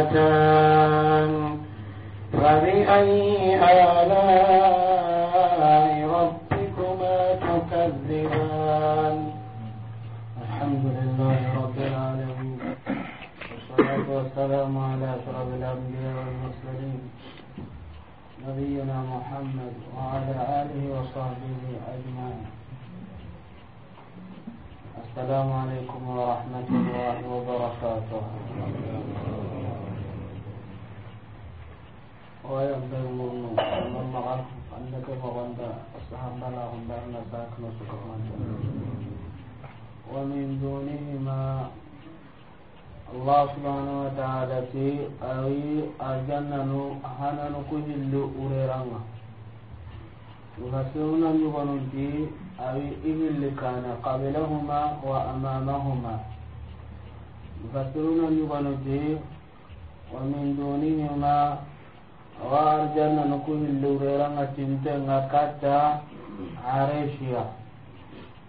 جنتان فبأي آلاء ربكما تكذبان الحمد لله رب العالمين والصلاة والسلام على أشرف الأنبياء والمرسلين نبينا محمد وعلى آله وصحبه أجمعين السلام عليكم ورحمة الله وبركاته ويقدر مرنو لما عرف أنك مغندا أصحاب لهم بأن ذاك نسكرا ومن دونهما الله سبحانه وتعالى تي أي الجنة هنا نكجل أريرانا يفسرون يغنون تي أي إهل كان قبلهما وأمامهما يفسرون يغنون تي ومن دونهما awa arjanna no ku hillureranga tintenga katta areshiya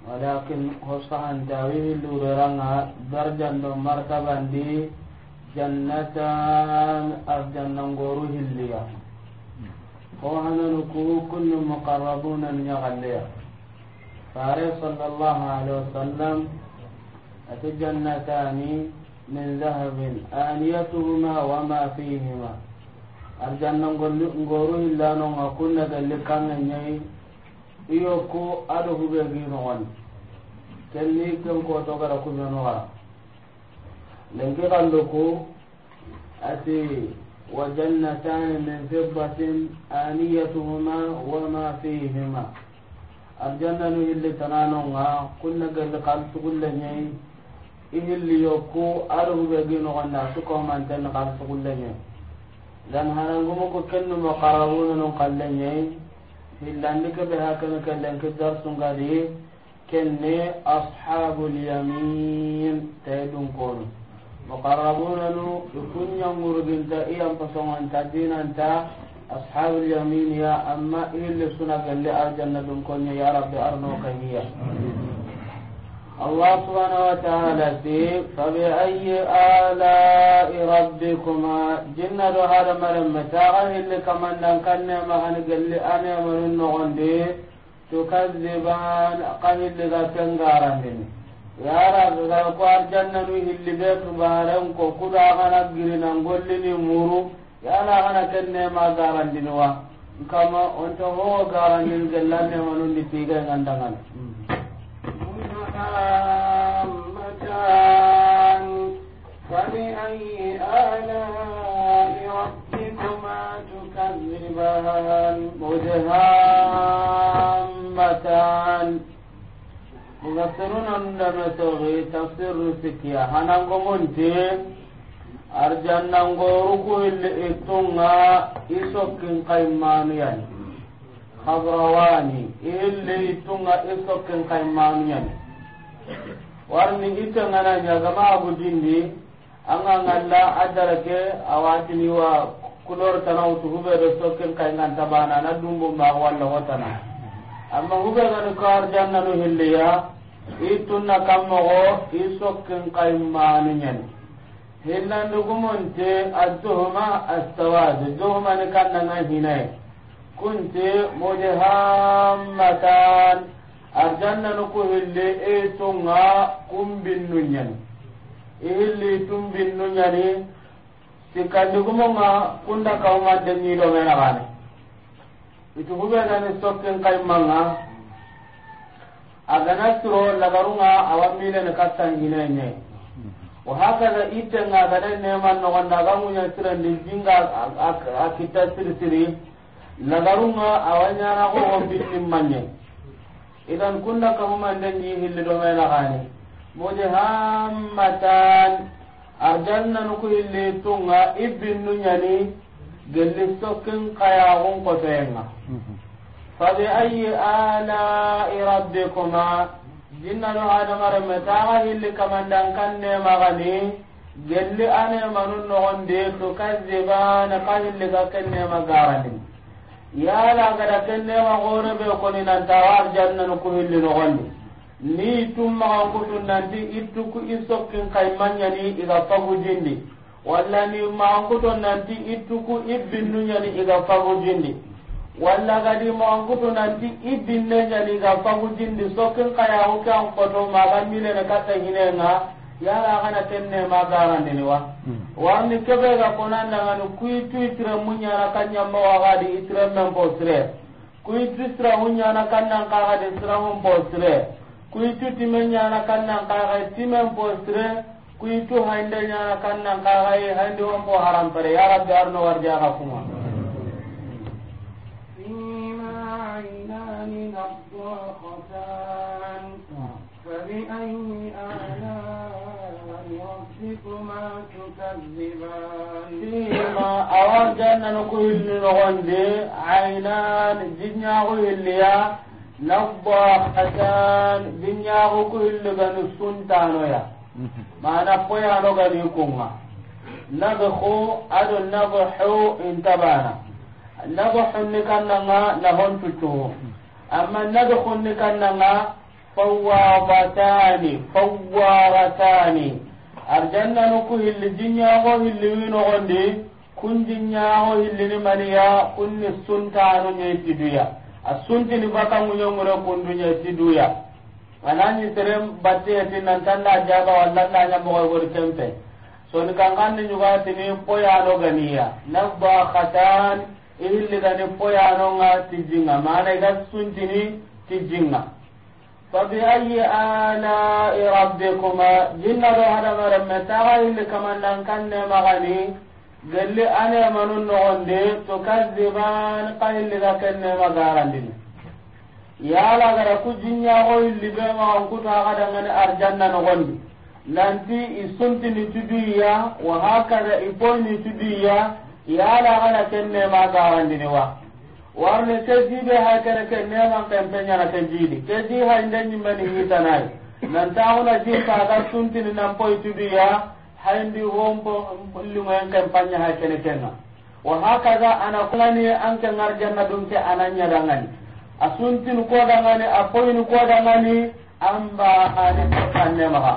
walakin hosahantawi hillureranga darjando martabandi jannatan arjannangoru hilliya ko ku kullu muqarrabuna ñagalleya fare sala allahu alaihi wasallam ati jannatani min dhahabin aniyatuhuma wama fihima arjanna ngolli ngoro illano nga kunna galle kanga nyai iyo ko ado hube bi no wan kelli ken ko to gara kunya no wa lengi kallo ko ati wa jannatan min fiddatin aniyatuhuma wa ma fihima arjanna no illi tanano nga kunna galle kan tugulle nyai ihilli yo ko ado hube bi no wan na su ko man tan kan tugulle nyai dan hanan gumo ko kenno mo qarabuna non kallanye hillandi ke be hakana kallan ke dar sungadi kenne ashabul yamin taydun kono muqarrabuna nu kunya murginta iyam pasongan tadinanta ashabul yamin ya amma illa suna li arjanna dun ya rabbi arno kahiya الله سبحانه وتعالى في فبأي آلاء ربكما جنة هذا مرمى تاغه اللي كمان كان مغن قال لي أنا من النغندي تكذبان قال اللي ذاكن غارهن يا رب ذاكو أرجنة نوه اللي بيك بارن كوكودا غانا قرنا نقول لي مورو يا لا غانا كان ما غارن دنوا كما أنت هو غارن الجلال من اللي تيغن عندنا هامتان فبأي آلاء ربكما تكذبان مدهامتان مفسرون عندما تغي تفسير سكيا هنانكم انت arjannangoruku illi ittunga isokkin kaymanuyani habrawani illi ittunga isokkin kaymanuyani warni itengana ñagama dindi anga ngalla a darake awatiniwa kulor tana wutu huɓeɗo sokken kayganta bana na dumbumbaako walla hotana amma huɓegani kawar jannanu hilliya i tunna kammogo i sokken kaymanu ñani hillandugumonte adduhuma astawad duhumani kannanga hinaye kunte mudhammatan arjanna no ko hille e tonga kumbinnu ñani ihilli e tumbinnu ñani sikkandigumonga kunda kawma deñidomenagane itu huɓegani sokken kaymanga agana siro lagarunga awa milene kattan hineñe wa hakaza ittenga agada neman nogonda aga ŋuña sirandi jinga a kitta sirsiri lagarunga awa ñanagogo binnin manñe idan kunna kahuman den yi hilli do mena gani mujahammatan arjanna nuku hilli tunga ibinnu nyani gelli sokkin qayagun fa fabi ayi ala'i rabbikuma jinnanu adamaremme taga hilli kamandan kanne magani gelli anemanun nogondi tukazibana ka hilli ka kennema garandin yala gada kennema gorebe koni nantawa arjannanu ko hilli nogondi ni tummakan kutu nanti ittuku isokkin kaimmanyani iga fagujindi walla ni makan kuto nanti ittuku ibinnunyani iga fagujindi walla gadi makan kutu nanti ibinnenyani iga fagujindi sokkin kayahuke ma koto maga milene katta hinenga yala kana tenne ma garande ni wa hmm. warni kebe ga konan da ngani kuyi tu itire munya na kanya ma wa ga di itire bo sire kuyi tu sira munya na kannan ka ga di sira mun bo sire kuyi tu timenya na kannan ka ga timen bo sire kuyi tu hande nya na kannan ka ga e hande on bo haram pare ya rabbi arno warja ga kuma فبأي آلاء ربكما تكذبان فيما أراد أن نقول لغندي عينان جنيا غيليا نضاختان جنيا غيل بنسون تانويا ما نقويا نغنيكما نبخو أدو نبحو انتبانا نبحو نكنا نهون تشوه أما نبخو نكنا فوارتان فوارتان arjanna nuku hilli jinyago hilliwinogondi kun jinyago hillini maniya kunni suntanu ñeyti duya a suntini bakanguñongure kundu ñeyti duya anani serem battiyeti nantanda jaba wallanda ñamogoy e gori kempe soni kankanni ñugatini poyanoganiya nabba khatan ihilligani poyanonga tijinga mana iga suntini tijinga فبأي آلاء ربكما جنة هذا مرمى تغيل كمن لن كان مغني قال لي أنا من النغندي تكذبان قيل لك كان مغارندين يا لا غير كجنيا غيل لي بما كنت هذا من أرجنا نغندي nanti isunti ni tuduya wa hakada ipol ni tuduya yala gana kenne ma garandini wa warne kejiɓe ha kene ke neman kempeñana ke jiidi keji haynde ñimmeni hitanayi nantawuna jirtaga suntini nan poytuduya hayndi hompo ligoen kempaña ha kene kenga wa hakaza ana kulani anke ngarjanna ɗum ke ananñadangani a suntini kodangani a ko kodangani an mbaxane kannemaxa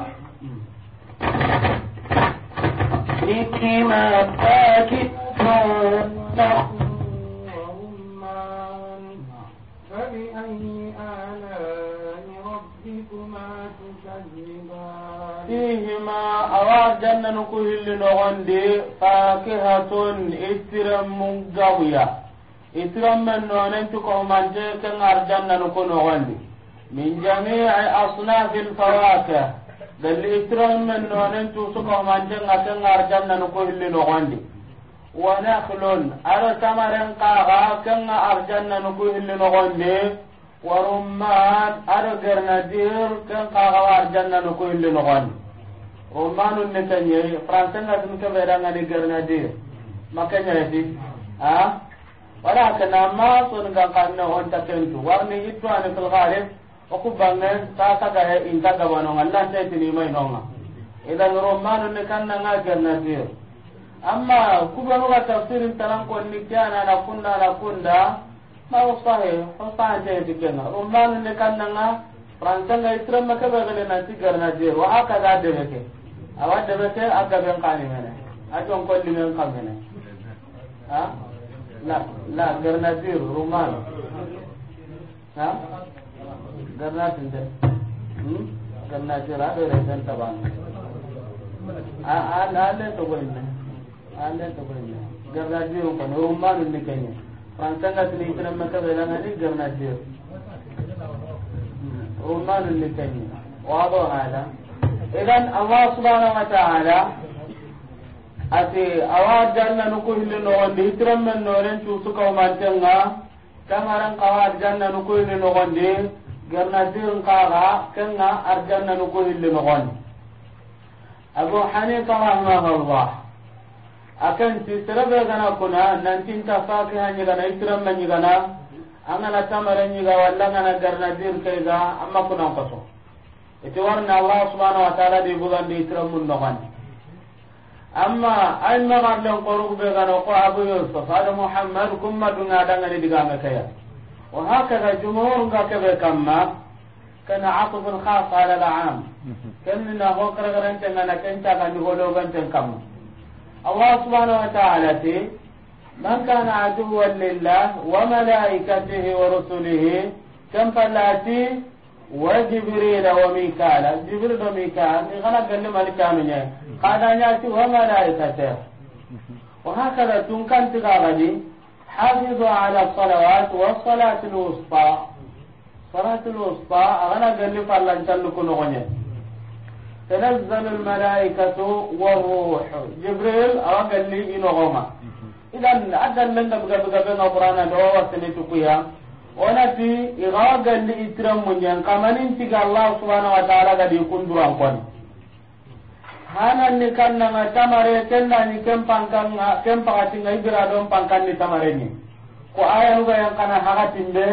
ikima takiton maama awaajannanu kuhilinoo dheer faakihasoon isiremungahuyaa isirem mene naneen tu koomante ka arjannanu kunoo dheer minjaa miidhame asunaan kiri faraate bane isirem mene naneen tuutu koomante nga ka arjannanu kuhilinoo dheer waneeklon alasamari kaakaa ka arjannanu kuhinoo dheer warumaat ala giriinajiir kaakaa kaakaa wa nuku kuhinoo dheer. romanu ne kanye français na tun ke beda ngani grenadier makanya yati ha wala na ma son ga kanne on ta tentu warni hitto an fil ghalib o ku bangen ta ta ga he in ta ga wano Allah sai tini mai nonga idan romanu ne kanna na grenadier amma ku ba ga tafsirin talan ko ni kana na kunna na kunda ma o sahe o sahe te dikenga romanu ne kanna na français na isra makaba ga ne na ti grenadier wa aka da de ke awa debe ke aga ben kani mene ajon kolli men kam mene ha la la garnatir ruman ha garnatin de hmm garnatir ado re den taban a a la le to goinne a le to goinne garnatir kan ruman ni kenye fransa ngat ni tren maka bela ngani garnatir ruman ni kenye wa do hada idan allah subhanahu wa ta'ala ati awa janna nuku hilli nogondi hitiran men noren cuusu kaumantenga tamaran kawa arjanna nuku hilli nogondi garnatirin kaga kenga arjanna nuku hilli nogondi abu hanifa rahimahullah akanti serebe gana kuna nantinta fakiha ñigana hitiran me ñigana angana tamare ñiga walla ngana garnatir keiga amma kunan koso ite warna allah subhanahu wa ta'ala de bugandi tiramun nogandi amma ay magarlen korugu be gano ko abu yusuf ada muhammad kumma dunga dangani digame kaya wa hakaza jumhur nga kebe kamma kana aqfun khas ala al'am kan na ho karagaran tengana kenta kan holo ganten kamma allah subhanahu wa ta'ala te man kana aduwwan lillah wa malaikatihi wa rusulihi kam falati wa jibril wa mikael jibril do mikael ni kana galle malikanu nya kada nya ti wa ma dai ta wa hakala tun kan ti ga gadi hafizu ala salawat wa salatul wusta salatul wusta agana galle fallan tallu kuno gonya تنزل الملائكة والروح جبريل أرجل لي إنه غما إذا أدل لنا بقى بقى بين أبرانا دوا وسنتكويا onati igawa galli itiran munyan kamanin tiga allah subhanahu wa ta'ala ga di kunduran kon hanan ni kanna na tamare kenna ni kempan kan nga tinga ibra don pangkan ni tamare ni ko aya nuga yang kana hagatin de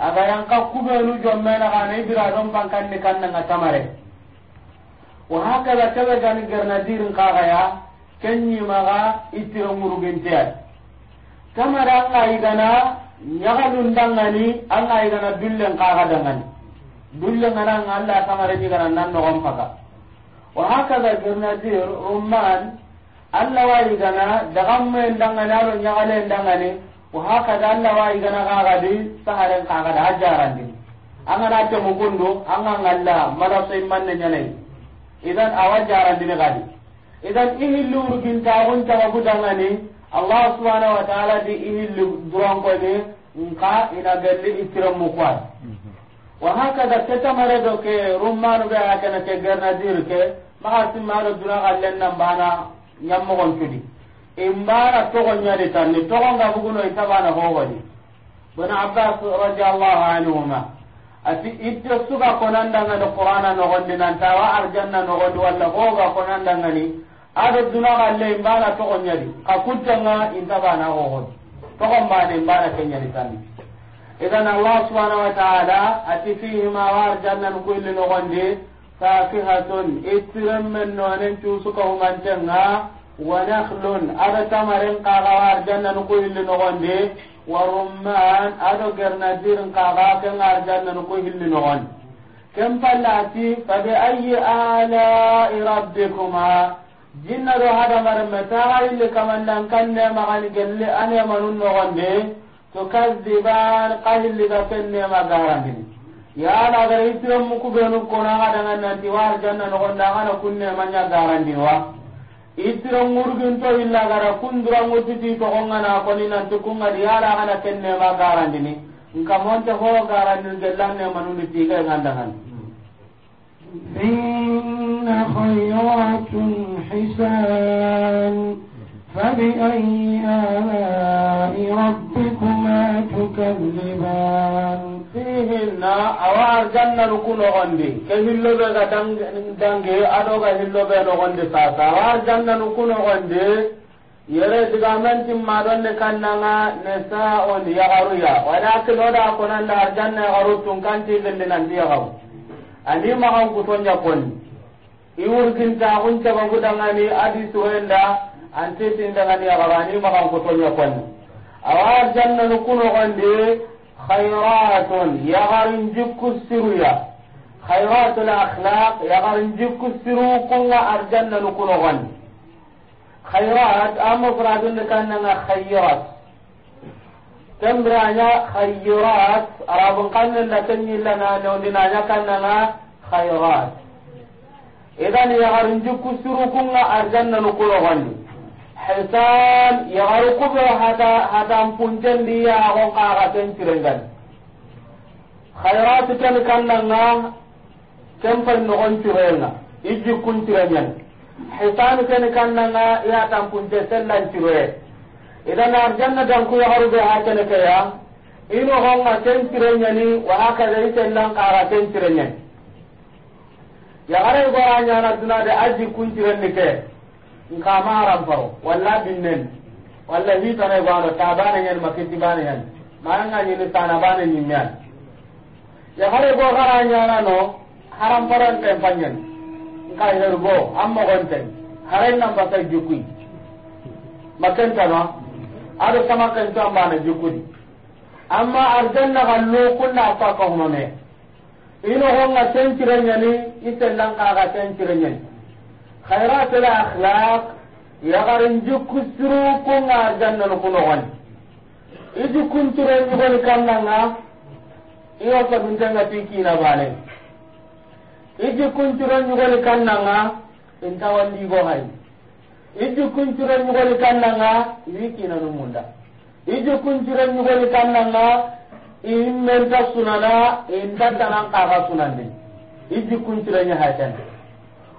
aga yang ka kubelu na kana ibra don pangkan ni kanna na tamare wa hakala kabe gani garnadirin kaga ya kenyi maga itiran murugentiya tamara ngai gana ñagalun dangani anga igana dullen kaga dangani dullen ngana nga alla kamare igana nan nogon paga wa hakaza grenadier rumman alla wa igana dagamme dangani aro ñagale dangani wa hakaza alla wa igana kaga di saharen kaga da ajarandi anga na temo gondo anga ngalla mara sai manne nyane idan awajarandi ne kadi. idan ihillu urgin tagun tawagu dangani allah subhanahu wa ta'ala di ihilli ni nka ina gelli mu kwa wa hakada mare do ke rummanu be hakana ke garnadir ke ma do duna xallen nan bana ñammogon cudi imbara bu tanni ita bana ho wadi bana abbas radiallahu anhuma ati itte suga na qur'ana nogondi tawa arjanna nogondi walla konanda ngani ado dunaga alle imbana togo ñadi ka kuttanga inta bana hohodi togon mbane imbana ke ñadi tanni idan allah subhanahu wa taala ati fihima warjannan kulli nogondi nen ittirenmen nonen cusuka humantenga wa nakhlun ado tamaren kaga warjannan kulli nogondi wa rumman ado gernadirin kaga ken arjannan ku hilli nogondi ken pallati fabi ayi alai rabbikuma jinna do hada marme taxayille kamandan kan ne nemagani gelle anemanun nogonde to kasdiban kahilliga ken nema garandini yala gara itiren muku benu kona na nanti war janna nogonda kana kunnema nya garandini wa itira ngurginto illa gara kundura nan togongana koni nanti kungadi yala kana kennema garandini nka monte ho garandini gellanne manundi tiga e ngandangan خيرات حسان فبأي آلاء ربكما تكذبان فيهن أوار جنة ركون غندي كهلو بيغا دنجي أدوغا هلو بيغا غندي ساسا أوار جنة ركون غندي yere tun iwurkintaxun cabagudangani adi sugoyenda anti sindangani axarani maxan kotoña konni awa arjannanu kunoxondi khairatun yaxarin jikku siruya khairatul akhlaq yaxarin jikku siru kunga arjannanu kunoxondi khairat amma furadunde kannanga khairat kembiranya khairat arabun kannenda kenyillana newndinanya kannanga khairat idan yagarin jikku surukunga arjanna nu kuyogondi hisan yagaru kube hatan puntendi yagagon kagaten cirengani khairatu ken kannanga ken pai nogon cirenga i jikkun cirenyani hisan ken kannanga yatan punte sellan cire idan arjanna danku yagaru be hakene keya inogonga ken cirenyani wahakada itellan kagaten cirenyani yagara igora ñanantunade a jikkuntirenni ke nka maran paro walla binnen walla hitana igwano ta baneñen ma kitti baneñen mananga ñini sana bane ñimmean yagara igo gara ñanano haran paronten pañen nka hergo an mogonten haren nan basa jikkuy makentano aɗo samakentu an bana jikkudi amma arjanna ga lukunna a fakahumame ino honga kenkirenyani itellankaga kenkirenyani khairatl akhlaq yagarinji kusiru kunga jannanu kunogoni iji kunture ñugoni kannanga iwo saduntenga ti kina bane iji kunture ñugoni kannanga intawandigo hay iji kunture ñugoni kannanga iwi kinanu munda iji kunture kanna nga. imenta sunana enta tanan kaga sunande iji kuntiranya hatan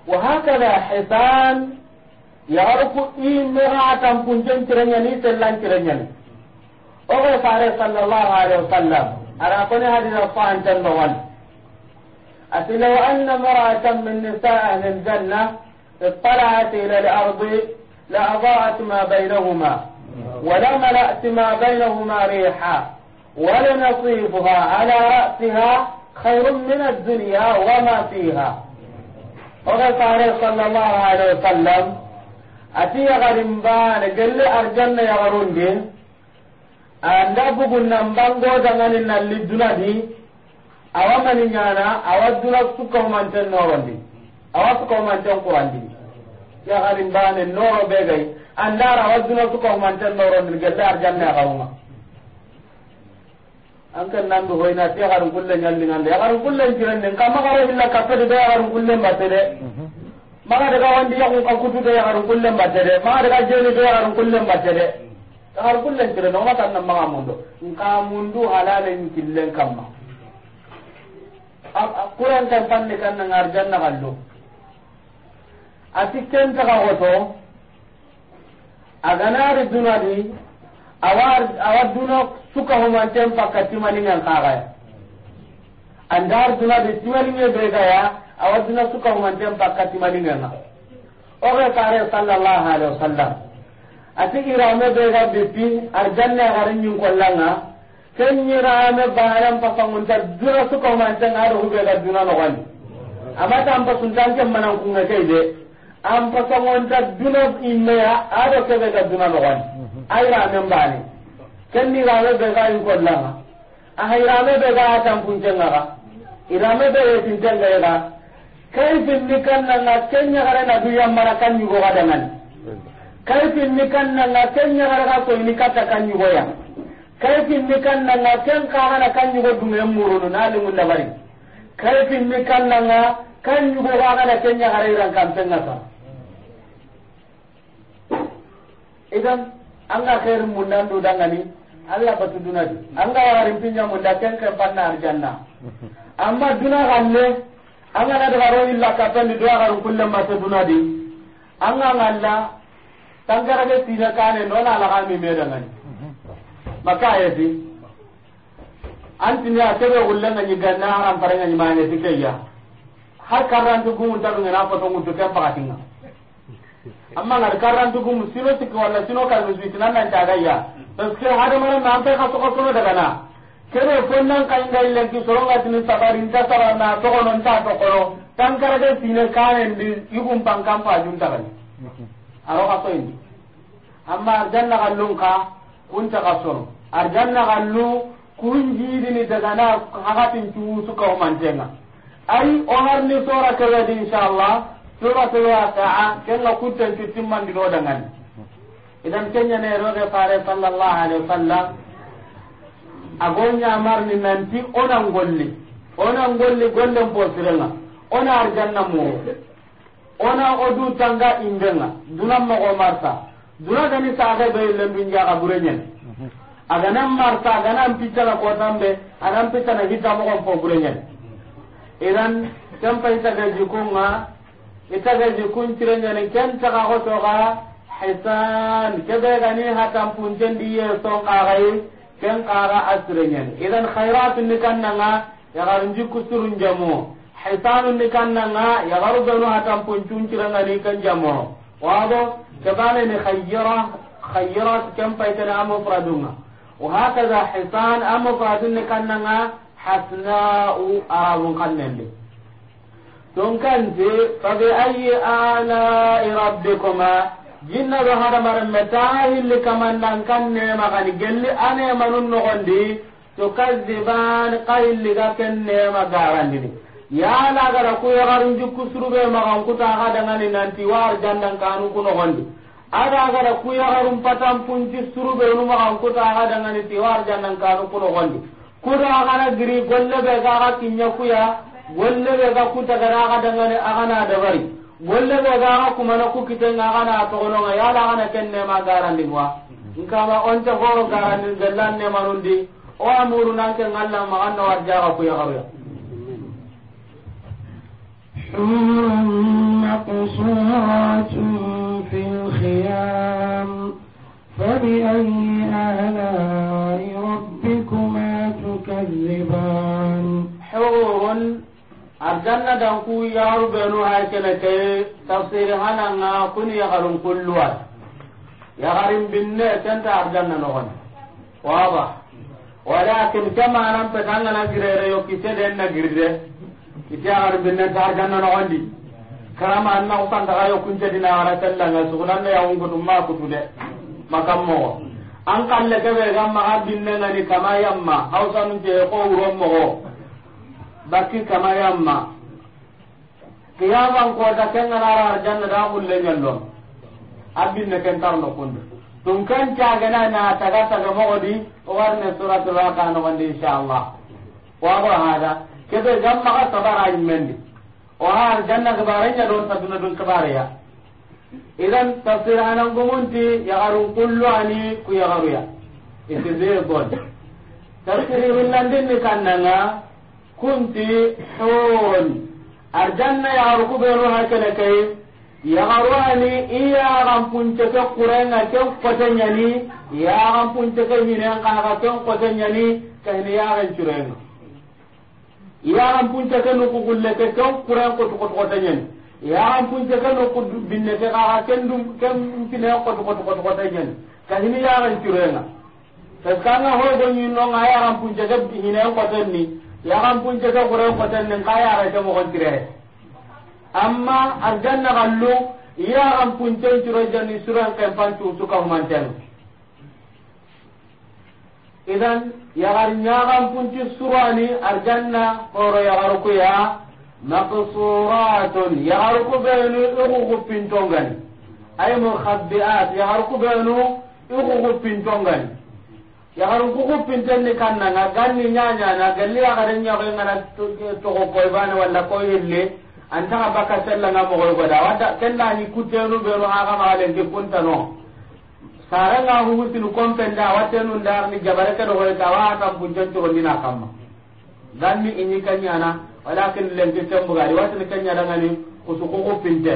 wa hakada hisan yagarku imera atan kuncen tiranya ni sellan tiranya ni ogo fare sallallahu alaihi wasallam ara kone hadina fahantan bawan ati law anna mar'atan min nisa ahli aljanna اطلعت إلى الأرض لأضاءت ما بينهما ولملأت ما بينهما ريحا ولنصيبها على رأسها خير من الدنيا وما فيها وقال صلى الله عليه وسلم أتي غرم بان قل أرجن يا غرون anda bugunnan bango dangani nalli duna di awa mani ñana awa duna sukahumanten norondi awa sukahumanten kurandi yagarin bane noro ɓe gay andara awa duna sukahumanten norondi gelle arjanne axawunga an kan nan do hoyna te garun kullen nyalli nan de garun kullen jiran den kam magaro illa kappe de garun kullen batte de maga daga wandi yaku ka kutu de garun kullen batte de maga daga jeni de garun kullen batte de garun kullen jiran no mata nan maga mundo nka mundu halalen killen kamma kuran kan panne kan nan arjanna gallo ati ken ta ga goto aganari dunadi awar duno suka humanten pakati maningan kaga andar duna de timalinge bega ya awaduna suka humanten pakati maningan oge kare sallallahu alaihi wasallam ati irame bega bipi arjanna garin nyin kollanga ken irame baran pasangun ta duna suka humanten aro hubega duna no wani amata am pasun tanke manan kunga kai de am pasangun ta duna imme ado kebe ga duna no wani ayra men bane kenni rame be ga in kollanga a hayrame be ga tan kuncenga ga irame be ye tincenga ga kai finni kanna na kenya gare na duya mara kan yugo ga dangan kai finni kanna na kenya gare ga ko ni kata kan yugo ya kai finni kanna na ken ka hana kan yugo dume murunu na limun labari kai finni kanna na kan yugo ga na kenya gare ran kan penga sa idan anga khair mun nan do dangani Allah batu dunadi anga warin pinya mun da ken kan panna arjanna amma duna galle anga na daga ro illa ka tan do garu kullum ma dunadi anga ngalla tangara ke tira kane no na laga mi me dangani maka yati antinya tebe ullanga ni ganna haram paranga ni mane tikayya har karran du gumun ta ngana fa to ngutu kan pakatinga amma ngar karantugumu sino sikki walla sino kalmisuitinan nancagayya parce que hadamarenna an pe xa soko sono dagana kene fonnan kaingai lenki sorongatini sabari nta sabarna togono nta tokono tankarage sine kanendi ta kan pajuntagani aro xa soyindi amma arjanna gallun ka kunta ka sono arjanna gallu kun ji jiidini dagana hagatin man kaumantenga ay o har harni sora kewedi allah. a kan suratu wasaa man kuttanti timmandino dangani idan ne kenñaneerode fare sallallahu alaihi wasallam ago ñamarni nanti onan golli onan golli gollen posirenga ona arjanna muro ona odu tanga indenga duna mogo marta duna gani saxe ɓe lendu njaxa ɓureñen aganan marta aganan piccana kotanɓe anan piccana hita mogon fo ɓureñen idan ken payitaga jikunga itagadi kuncirengani ken taga hotoga hisan kebegani hatampuncendi yeson kagayi ken kaga asirengani idan ya khairatuni kannanga yagarunji kusurunjamo hisanuni kannanga yagaru benu hatampuncuncirengani ken jamo wado kebaneni khayira khayira ken paytene amofradunga wahakaza hisan amofraduni kannanga hasna'u arabun kannendi tunkanti fabi ayi alai rabbikuma jinna do hadamaremme taa hilli kamandan kan nemagani gelli anemanun to tukazibani ka hilliga ken nema garandini yala gara ku yagarin jukku surube magan kuta hadangani nanti war jandan kanu ku nogondi ada gara ku yagarun patan punci surube nu magan kuta hadangani ti war jandan kanu ku nogondi kuda gana giri golle kinya kuya wolle be ga kuta gara ga dangane agana da bari wolle be ga ga kuma na ku kiten agana to gono ga na agana ne ma garandi wa nka ma on ta horo garandi gallan ne marundi o amuru nan ken Allah ma anna ja ga ku ya garuya ثم قصورات في الخيام فبأي آلاء ربكما تكذبان حور arjanna danku yaaru benu hay kene ke tafsir hananga kuni yagarun kulluwa yagarin binne tenta arjanna nogon waba walakin kama nan pe tanga na girere yo kite den na girde kite yagarun binne ta arjanna di karama anna ukan daga yo kunte dina ara tella nga sugunan ya ungu tumma kutude makammo an kalle kebe gamma abinne ngani kama yamma hausa nun je ko wuro bakki kama yamma kiyaman kota kenganara arjanna da le gulle nyallon abinne ken tarno kun tun kan ta ga na ta ga ta ga modi o war warne suratul waqa no wande Allah wa ba hada kebe jamma ka sabara in men di o ha arjanna gabaranya don ta dun dun sabuna bare ya idan tafsir anan gumunti ya garu kullu ani ku ya garu ya itizir god tafsir hillandin ni kannanga kunti hurun arjanna yagaru kubenu hakene kay yagaru ani i yagan punceke kurenga ken kotenyani yagan punceke hinen kanaga ken kotenyani kahini yagan curenga yagan punceke nuku gulleke ken kuren kotukotukotenyani yagan punceke nuku binneke kaga ken pine kotukotukotenyani kahini yagan curenga parce que anga hogo ñinonga ni punceke hinen ni. yagan punce ke kuren koten nin ka yarete mogontire amma arjanna gallu yagan puncen curo jani suren kempan man humantenu idan yagar ñagan punci surani arjanna horo yagarukuya maqsuratun yagaruku benu iguguppintongani ay mukhabbiat yagaruku benu iguguppintongani yagaru kuku pintenni kannanga ganni ñañana galli yagare ñakoyngana togo koybane walla ko yelle antaxa bakka sellanga mogoy goda wata kellani kuttenu ɓenu haxamaxalenki kuntano saranga hugutinu compenda awatenu ndarni jabare ke ɗogoyta awa atan puncancogondina kamma ganni iñi kañana walakin lenki sembugadi watini kañadangani kusu kuku pinte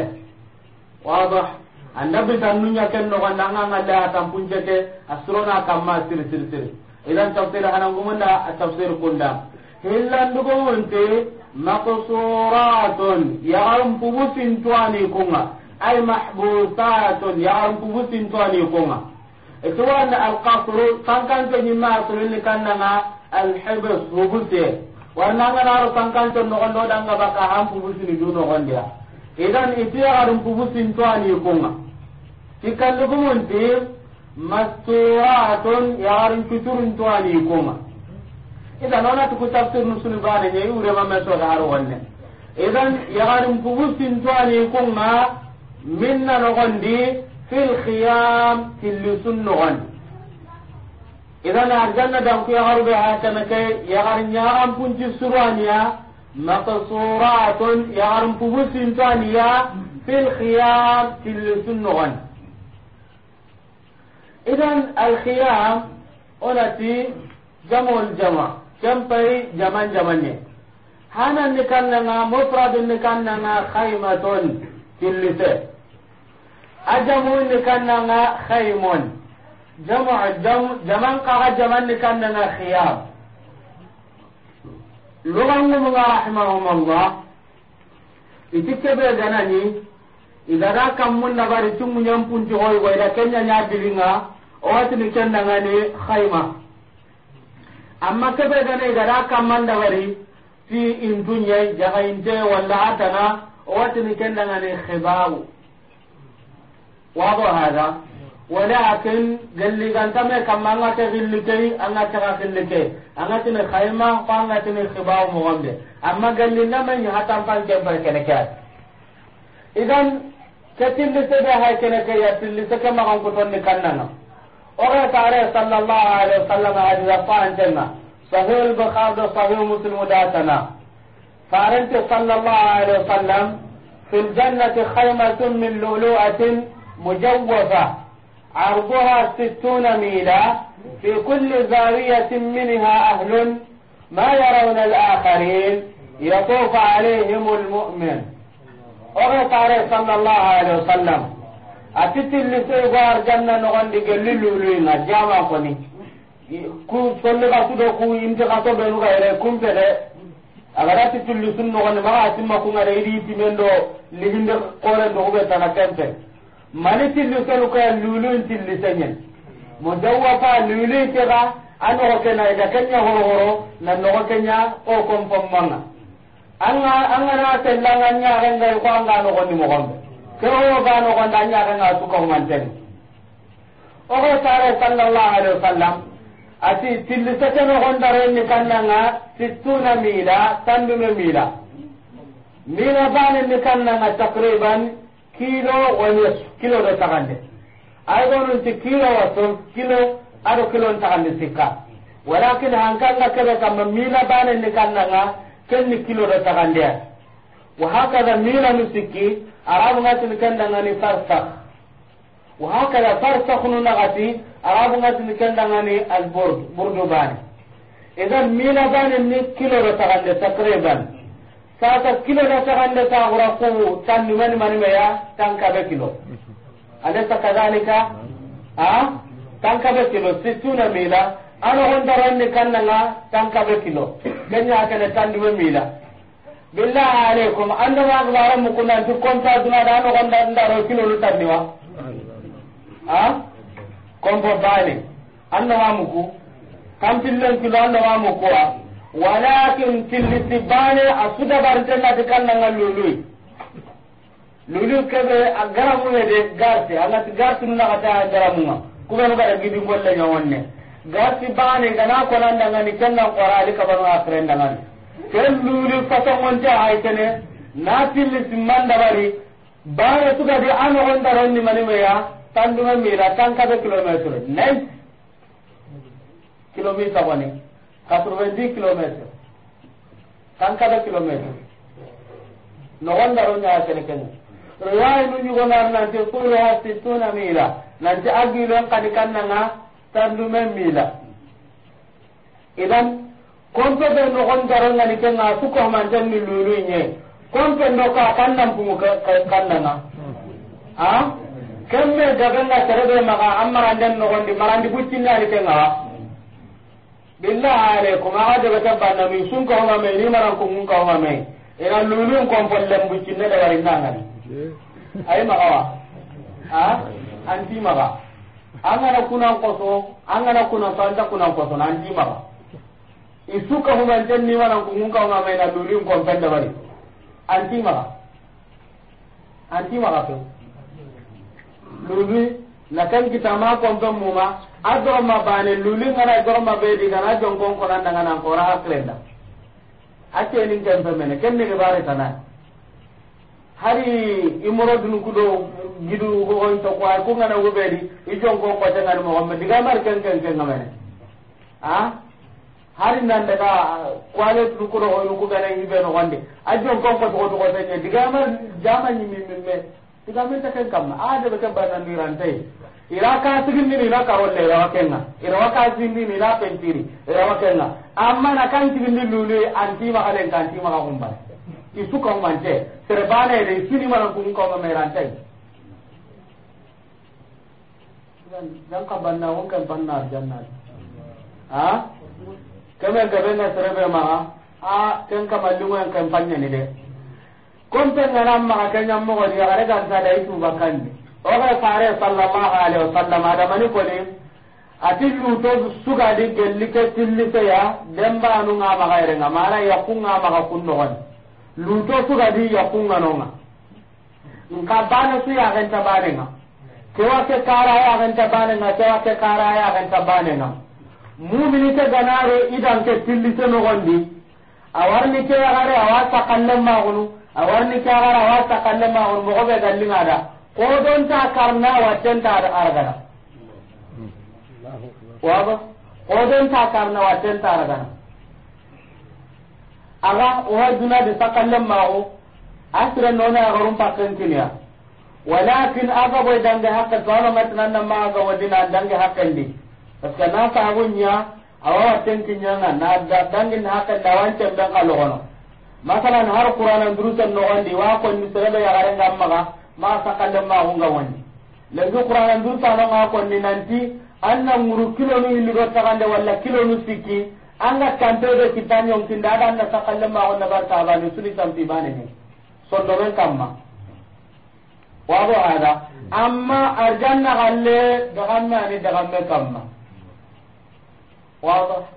wadah anda bisa nunya ken no kan nanga ngada tampun jeke asrona kamma sir sir sir idan tafsir hanan gumunda tafsir kunda hillan dugo wonte maqsuratun ya am pubusin tuani kunga ay mahbusatun ya am pubusin tuani kunga wanda alqasr kankan ke nyima sulil kannanga alhibs hubuse warna ngara kankan ke no gondo nga baka am pubusin du no idan iti yagarun kubu sinto ani kunga ikallugumunti masturatun yagarun cuturunto ani kunga idan onati ku tafsir nusuni bane ma iwurema mesoga har wonne idan yagarun kubu sinto ani kunga min na nogondi fil khiyam tillisun nogondi idan arjanna danku yagarube hatanake yagar ñagan punci suraniya maqsuratun yagarum pubusin taniya fil khiyar tilsun nogon idan al onati jamul jama kempai jaman jamannya hanan ni kannanga mufradun ni kannanga khaymatun tillise ajamun ni kannanga khaymon jamu jaman qaga jaman ni kannanga khiyar lugangumunga rahimahum allah iti kebe ganani igada kammunda bari tunguñampunti hoygo ida kenya ñadiringa owatini kendangani hayma amma kebe gana igada kammanda bari ti intuñe jahayinte walla atana owatini kendangani hibabu wado hada walakin gelli gantame kamma anga ke gilli kei anga ke ga gilli kei anga tini khayma ko anga tini khibaw mo gombe amma gelli nama ni hatam pan ke kene ke idan ke tilli se be hay kene ke ya tilli se ke ma kon ko tonni o ga tare sallallahu alaihi wasallam hadi da fa antenna sahih al da في الجنة خيمة من لؤلؤة مجوفة عرضها ستون ميلا في كل زاوية منها أهل ما يرون الآخرين يطوف عليهم المؤمن أغيط عليه صلى الله عليه وسلم أتت اللي سيغار جنة نغندي قللو لنا جامع قني ku solle ka su do ku inte ka to be nu gaire kum pe de agara ti tulli sun no ne ma atimma ku ngare idi timendo liginde kore ndo be tana tempe mani tilli kenu kaya lulun tilli senyen mudawa pa lulun kira anogo kena ida kenya horo horo na nogo kenya ko kom kompommanga anga anga na tellanga nyaare ngai ko anga nogo ni mogombe kero ga nogo nda nyaare na suka humanten ogo tare sallallahu alaihi wasallam ati tilli sekeno gondare ni kannanga sittuna mila tandume mila mila bane ni kannanga takriban kilo wanyes kilo do tagande ay gonun ti kilo wason kilo ado kilo tagande sikka walakin hankanga kebe kamma mila bane ni kan nga kannanga ni kilo do tagande wa hakada mila nu sikki arabu ngatin nga ni farsa wa hakada farsa kunu nagati arabu ngatin kannanga ni alburd burdu bane idan mila bane ni kilo do tagande takriban sasa kilo na sagande sagura ku tanni mani mani meya tanka be kilo alaysa kadhalika a ka be kilo sittuna mila ano hon daranni kannanga tanka be kilo kenya kene tanni me mila billah alaikum anda ma gbara mu kunan ti konta duna da ano hon darandaro kilo lu tanni wa a kompo an anda ma muku kam tillen kilo anda ma muku wa walakin tillisi bane a suda barinte nati kannanga lului lulu kebe a ne de garsi angati garsi nunakata garamunga kubenugada gidingolle ñowonne garsi bane gana konandangani kennan kora ali kabanu afirendangani ken lulu fasongonte haytene na tillisi dabari bane su sugadi a nogontaronni manimeya tandunga mila tan tan ka kabe kilometre nay kilometre wani. 90 km kan kada km nogon daro ñaga kene kene riwaya nu ñugonar nanti kuluha sittuna mila nanti e a gilen kadi kannanga tandume mila idan kompe be nogon daro ngani kenga sukomantenni lulu ñe kompe ndoka kannampugu kannanga a kemme gaganga serebe maga an maranden nogondi marandi buccinnani kengawa billahi alaikum aga debe ke banna min sun ka homa mai ni maran ko mun ka homa mai ina lulun kon follem bu cinne da warin nan nan ay ma kawa ha anti ma ba angana kuna koso angana kuna sanda kuna koso na anti ma ba isuka homa den ni maran ko mun ka homa mai na lulun ma ma na kan ma ma a doroma bane luli ngana doroma be di ngana jong gong ko nanda ngana ko ra klenda a tenin ken be mene ken ne bare tana hari imoro dun ku do gidu ko on to ko ko ngana go be di i jong gong ko tanga mo gombe diga mar ken ken ken ngame ha hari nanda ka kwale dun ku do o ku gana i be no wande a jong gong ko to ko tanga diga mar jama ni mi me diga men ta ken kam a de be ke ba nan dirante ira ka sigindi ni na karolle d'a wakenga ira waka ni na pentiri amma na kan sigindi lulu anti ma kalen kan anti ma ka kumba isu ka mante serbana ire sini mara kun ma dan ka banna won kan banna janna ha kame serbe ma a kan ka mallumo kan panya ni de kon tan ngana ma ka nyammo ko ni are kan sa dai tu bakande oxe fare sallallahu alaihi wasallam adamani koni ati luto sugadi gelli ke tilliseya dembanu nga maga yerenga mana yakku nga maga kunnogoni luto sugadi yakku nganonga nka bane su yagenta banenga kewa ke kara yagenta banenga kewa ke kara yagenta banenga mumini ke ganare idan ke tillise nogondi awarni ke yagare awa sakalle magunu awarni ke yagare awa sakalle magunu mogobe gallingada kodonta karna wattenta ada aragana wago kodonta karna wattenta argana aga oha dunadi sakallen maxu asire none agarum pakkentiniya walakin aga boy dange hakke toanomatinanna maaga wadina dange hakkendi parce que na sagunya awa wattenkiñanga na dangin hakkendi awancemben ka logono masalan har qur'ana durusen nogondi wa konni serebe yagarengan maga ma sakande ma hunga wani lengi qur'an dun ta ma ko ni nanti anna nguru kilo ni ligo sakande wala kilo nu siki anga kante de kitanyo kinda ada na sakande ma wala bar ta ba ni suni samti bane ni sondoren kamma wabo hada amma arjanna galle dagamme ani dagamme kamma wabo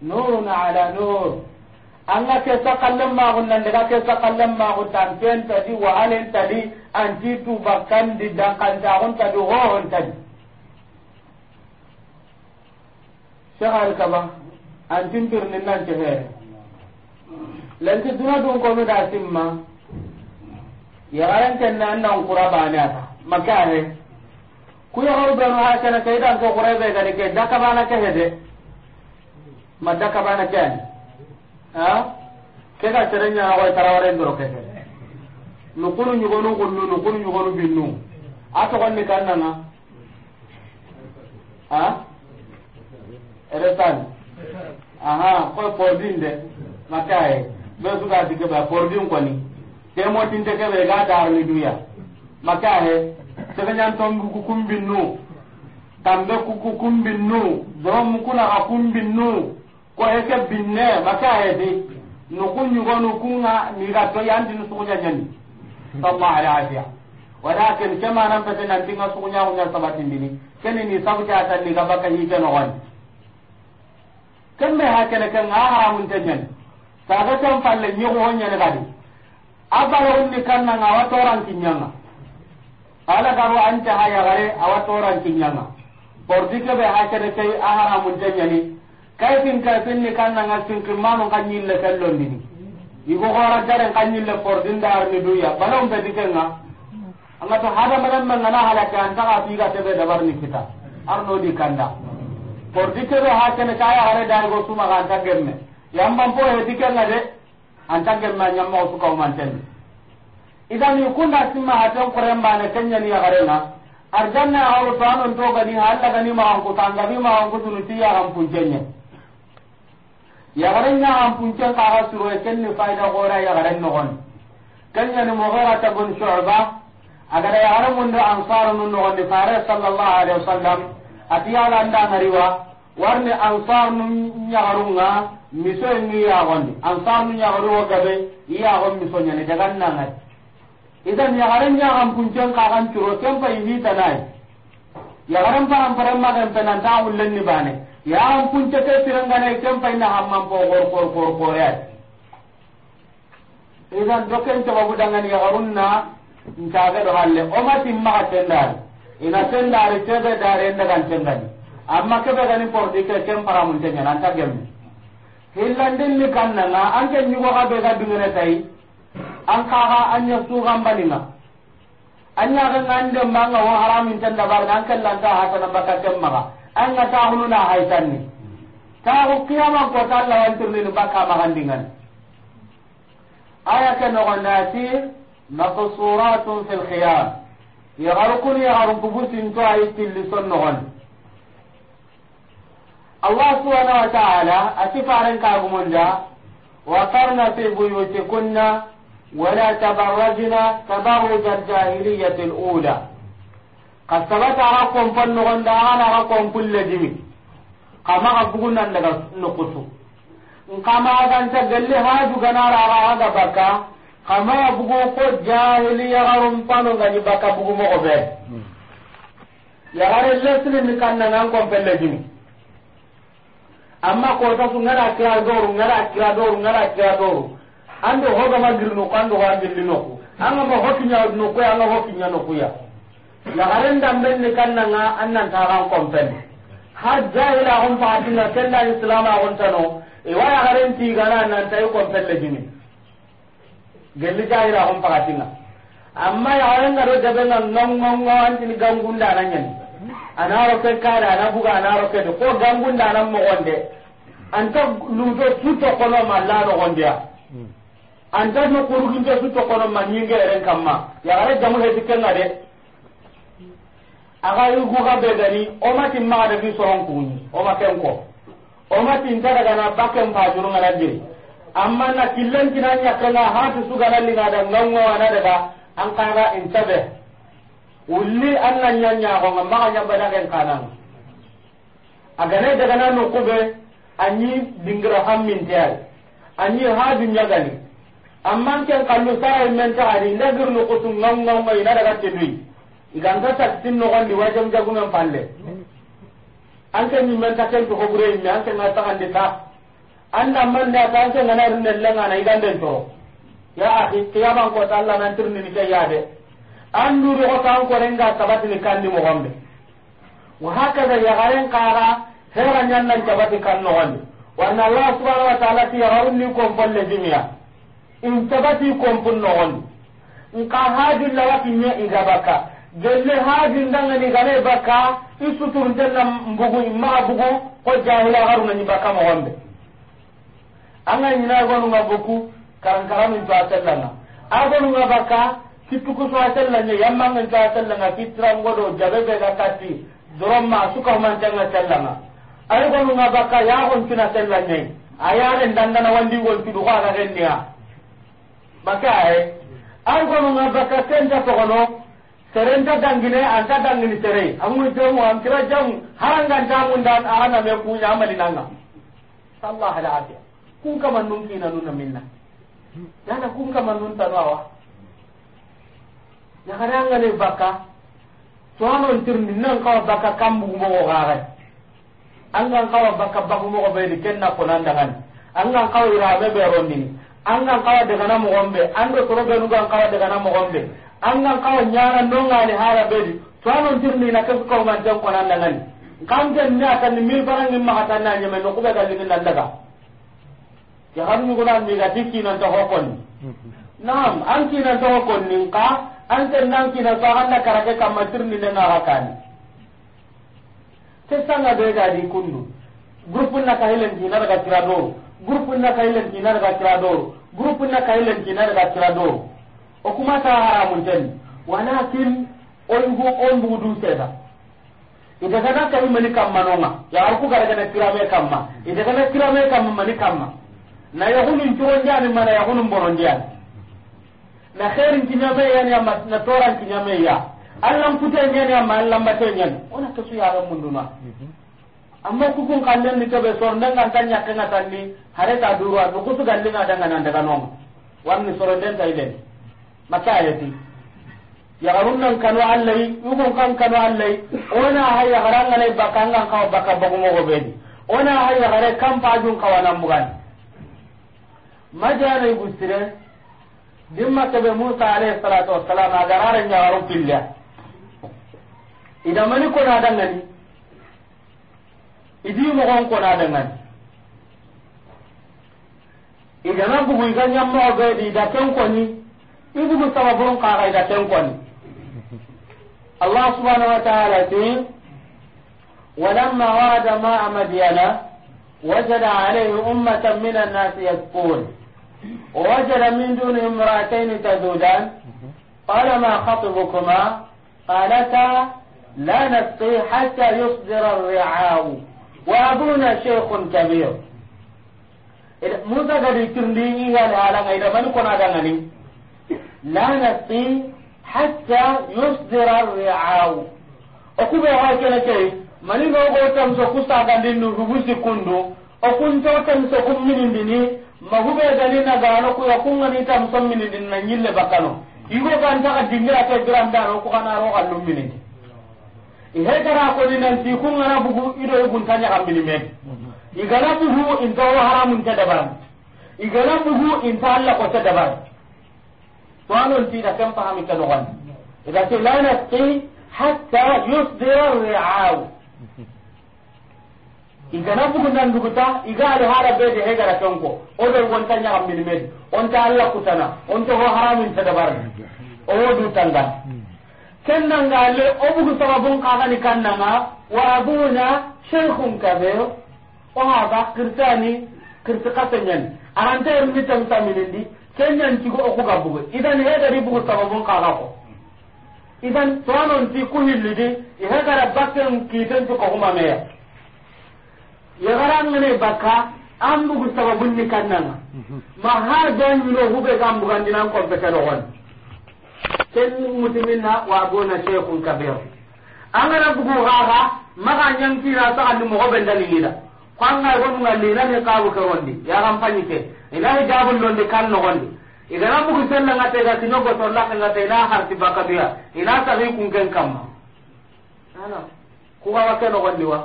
nurun ala nur anga ke sakalle ma gunna daga ke sakalle ma tan ten tadi wa alen tadi anti tuba kandi dankantaxuntadi hohontadi sehari kaba nan nanti heere lenti duna dun komi da simma yaxarenken na an nan kura baneata maka he ku yaxaru benu ha kene ke idanke xurebe gadi ke dakabana ke he de ma dakabana ke ani a ke ga serenñanaxoy tarawaren doro ke he nukunu ñugonu gunnu nukunu ñugonu binnu a togonni kannanga a eretan aha koy pordin de makaye be suga dige ba pordin koni temoti nte keɓe ga darni duya makahe segeñan tonguku kumbinnu tambe kuku kumbinnu dorom kunaxa kumbinnu ko heke binne makahe di nuku ñugonu kunga niga to su yandini suguñañani sallallahu alaihi wa walakin kema nan pete nan tinga sabatin dini ni sabu ta tan ni gaba kan yike no kan a haramun tanyen saga tan palle ni ho honya ne gadi kan nan awa toran kinyanga ala garo haya gare awa toran kinyanga bordike be kai a haramun ni kai tin ka tin ni kan nan asin kirmanu kan yille kallon dini igo hora jaren kanyille fordin dar ni duya balon be dikenga a to hada madan man na halaka an ta fi ga tebe dabar ni kita arno di kanda fordi ke do hakene kaya hare dar go suma ga ta gemme yamman po he dikenga de an ta gemma nyamma su ka man tan idan ni kunda simma hatan qur'an ba ne kanya ni gare na arjanna hawo to anon to gani halla gani ma an ko tanga ni ma an ko tunu tiya han punjenye yagaren ñaxan puncen kaxa suroye ken ni fayda xoora yagaren noxon kenyani mogherata bun shuba agada yagare munde ansar nu noxondi fare sallallahu alaihi wasallam ati yala ndangariwa warni ansar nu ñagarunga miso e nu yagondi ansar nu ñagaruwo gabe iyagon miso ni da ñani dagan nangari idan yagaren ñaxan puncen kaxan curo ken fay hitanayi yagaren paran paren magen penanta xullenni bane yaam punce ke sirengane ken payna hamman po gor kor kor koyat idan do ken sababu dangani yagarunna ntaage do halle omatin maxa tendari ina tendari tebe dari en dagan tengani amma kebe gani pordi ke ken paramunte ñana anta gemmi hillandinni kannanga anke ñugoxa ɓe ga dungene tayi an kaxa an ña suxambaninga an ñaxenga an dembanga wo haramin ten dabarna an kellanta hatanambaka ken maxa an ga ta hunu na haitan ni ta ku kiyama ko ta Allah wan tirni baka ma handingan aya ke no gondati maqsuratun fil khiyam ya garquni ya garqubutin to ay tilli sonno gon Allah subhanahu wa ta'ala atifaran ka gumunda wa qarna fi buyutikunna ولا تبرجنا تبرج الجاهلية الأولى ka sabata ara kompon nogonda agana ara kompulle dimi kama ka bugunan daga nukutu nkama ganta galle haju ganara aga aga baka kama ya bugu ko jahili ya garum pano ngani baka bugu mo obe ya gare lesli ni kanna nan kompelle dimi amma ko ta su ngara kira doru ngara kira doru ngara kira doru ando hoga magirno kando wa ngirno ko anga ma hokinya no ko anga hokinya no ko ya lagaren damben ni kanna nan ta taran kompen har jahila hon fatina kella islam agon tano e wa lagaren ti gana nan yi kompen le jini gelli jahila hon fatina amma ya wen garo nan nan nan ngong ngong gangun da nan nyen ana ro ke kala ana buga ana ro da ko gangun da nan mo an ta luto tuto kono malla hmm. ya an ta no kurugin da tuto kono man yinga ren kamma ya gare jamu he dikenga de aga yugu ga be gani o mati ma da bi soron kuni o ma ken ko o mati inta daga na baken fa juru ngala diri amma na killan kinan ya kana ha tu su ga lalinga da ngongo na daga an kara inta be ulli anna nyanya ko ma ga nyamba da ken kanan aga ne daga na no kube anyi dingira hammin tayar anyi ha du dunya gani amma ken kallu sai men ta ari ndagir no kusun ngongo ina daga tedui iganta taktin nogondi wajam jagumen palle anke ñimmen taken toko ɓure yimme anke ga tagandi ta andammande ata anke gana rinne lengana iganden toro ya ahi kiyabankota allah nantirnini ke yaade an duɗoxota an korenga sabatini kandi mogonɓe wa hakaza yagaren kaara hera ñannan cabati kan nogondi warna allah subhanau wa taala ti yagarunni kompolle jimiya in cabati kompun nogondi nka hajulla wakinye igabaka gelle hajindangani gane bakka i suturuntenna mbugu maga bugu ko jahila garuna ñi bakka mogonɓe anga ñinagonunga boku karankaramin to a sellanga agonunga bakka kittuku so a sellanga yammangen to a sellanga kittirangoɗo jabe ɓega katti doromma sukahumantenga sellanga ari gonunga bakka yagoncuna sellanñayi a yaren dandana wandi woncuɗu ko aga genniya bakke aye ari gonunga bakka kenta togono seren ta dangine an ta dangini sere amun to mo am kira jam harangan ta mun dan ana me ku nya amali nanga sallallahu alaihi kun kama nun kina nun minna yana kun kama nun tanawa ya haranga ne baka to anon tirni nan kawa baka kambu mo ko gare an kan kawa baka bagu mo ko be ni kenna ko nan dangan an kan kawa ira be be ni. an gan kawa daga na mogombe an do toro benu gan kawa daga na mogombe an gan kawa nyana ndonga ni hara bedi to anon tirni na kasu ko man tan konan nan kan den na ni mi barang ni ma tan na nyame no kuba galin nan daga ya har ni gona mi ga tiki nan to hokon nam an ki nan to hokon nin ka an tan nan ki nan to an na karake kam matirni nan na hakani te sanga be ga di kundu grupu na kahilen di na daga tirado groupe na kailen kina daga kira doro groupe na kailen kina daga kira doro o kuma ta haramun tan walakin on go on bu du seda ida kana kai mani kamma nonga ya har ku gara kana kira me ma ida kana kira me kamma mani ma na ya hunun turon jani mana ya hunun boron jani na khairin ci nyame yani amma na toran ci nyame ya Allah kutenyen ya amma Allah batenyen ona kasu ya ran munduma mhm. amma ku kun kallen ni kebe sor nan kan tanya kana tanni hare ta duru adu ku su galle na daga nan daga non warni sor den ta ile maka ayati ya garun nan kanu allai ku kun kan kanu allai ona haya garan nan bakan kan ka baka bagu mo gobe ni ona haya gare kan pajun kawanan mugan majana ibustire dimma kebe musa alayhi salatu wassalam agarare nya garun pilya idamani ko na dangani idi mogo kona da ngani idana bugu iga nyamma o gadi da ken koni ibu ko sama bon ka da ken koni allah subhanahu wa ta'ala ti walamma warada ma amadiyana wajada alayhi ummatan min an-nas yasqun da min duni imra'atayn tadudan qala ma khatibukuma qalata la nasqi hatta yusdira ar-ri'a'u wa abuna shaykhun kabir musa gadi tirndi igani halanga ida mani kona dangani la nasti hatta yusdira riau okube ha kene kei mani nogo tamso kusagandindu rubusi kundu okunto tamso kumminindini mahube gani nagano kuya kungani na ñille bakkano ihegara koni nanti na bugu ido yuguntanya kambini me igana bugu inta wa haramun ta dabar igana bugu inta Allah ko ta dabar to anon ti da kan fahami ta nogan ida ce la nasti hatta yusdira ri'au igana bugu nan duguta iga da hara be de hegara kanko odo yuguntanya kambini me on ta Allah kutana on to haramun ta dabar o du tanga kenna ngale obugu sababun ni kanna nga abuna shaykhun kabir o haba kirtani kirti kasenyen arante ermi tam taminindi kenyan tigo oku gabugo idan hedari bugu sababun kaga ko idan tonon ti ku hillidi ihegara bakken kiten ti ko huma meya yagarangane baka an bugu sababun ni kannanga mhm. ma ha don yulo hube kan bugandinan kompe dogon. ken mutimina wa gona shaykhun kabir angara bugu gaga maga nyanki na ta andi mo ben dalili da kwanga ko nunga lina ne kabu ka wondi ya ram fanyi ke ina ni jabul londi kan no wondi igana bugu sella ngate ga tino go tolla ngate na harti bakabiya ina ta ri kun ken kamma ana ku ga wake no wondi wa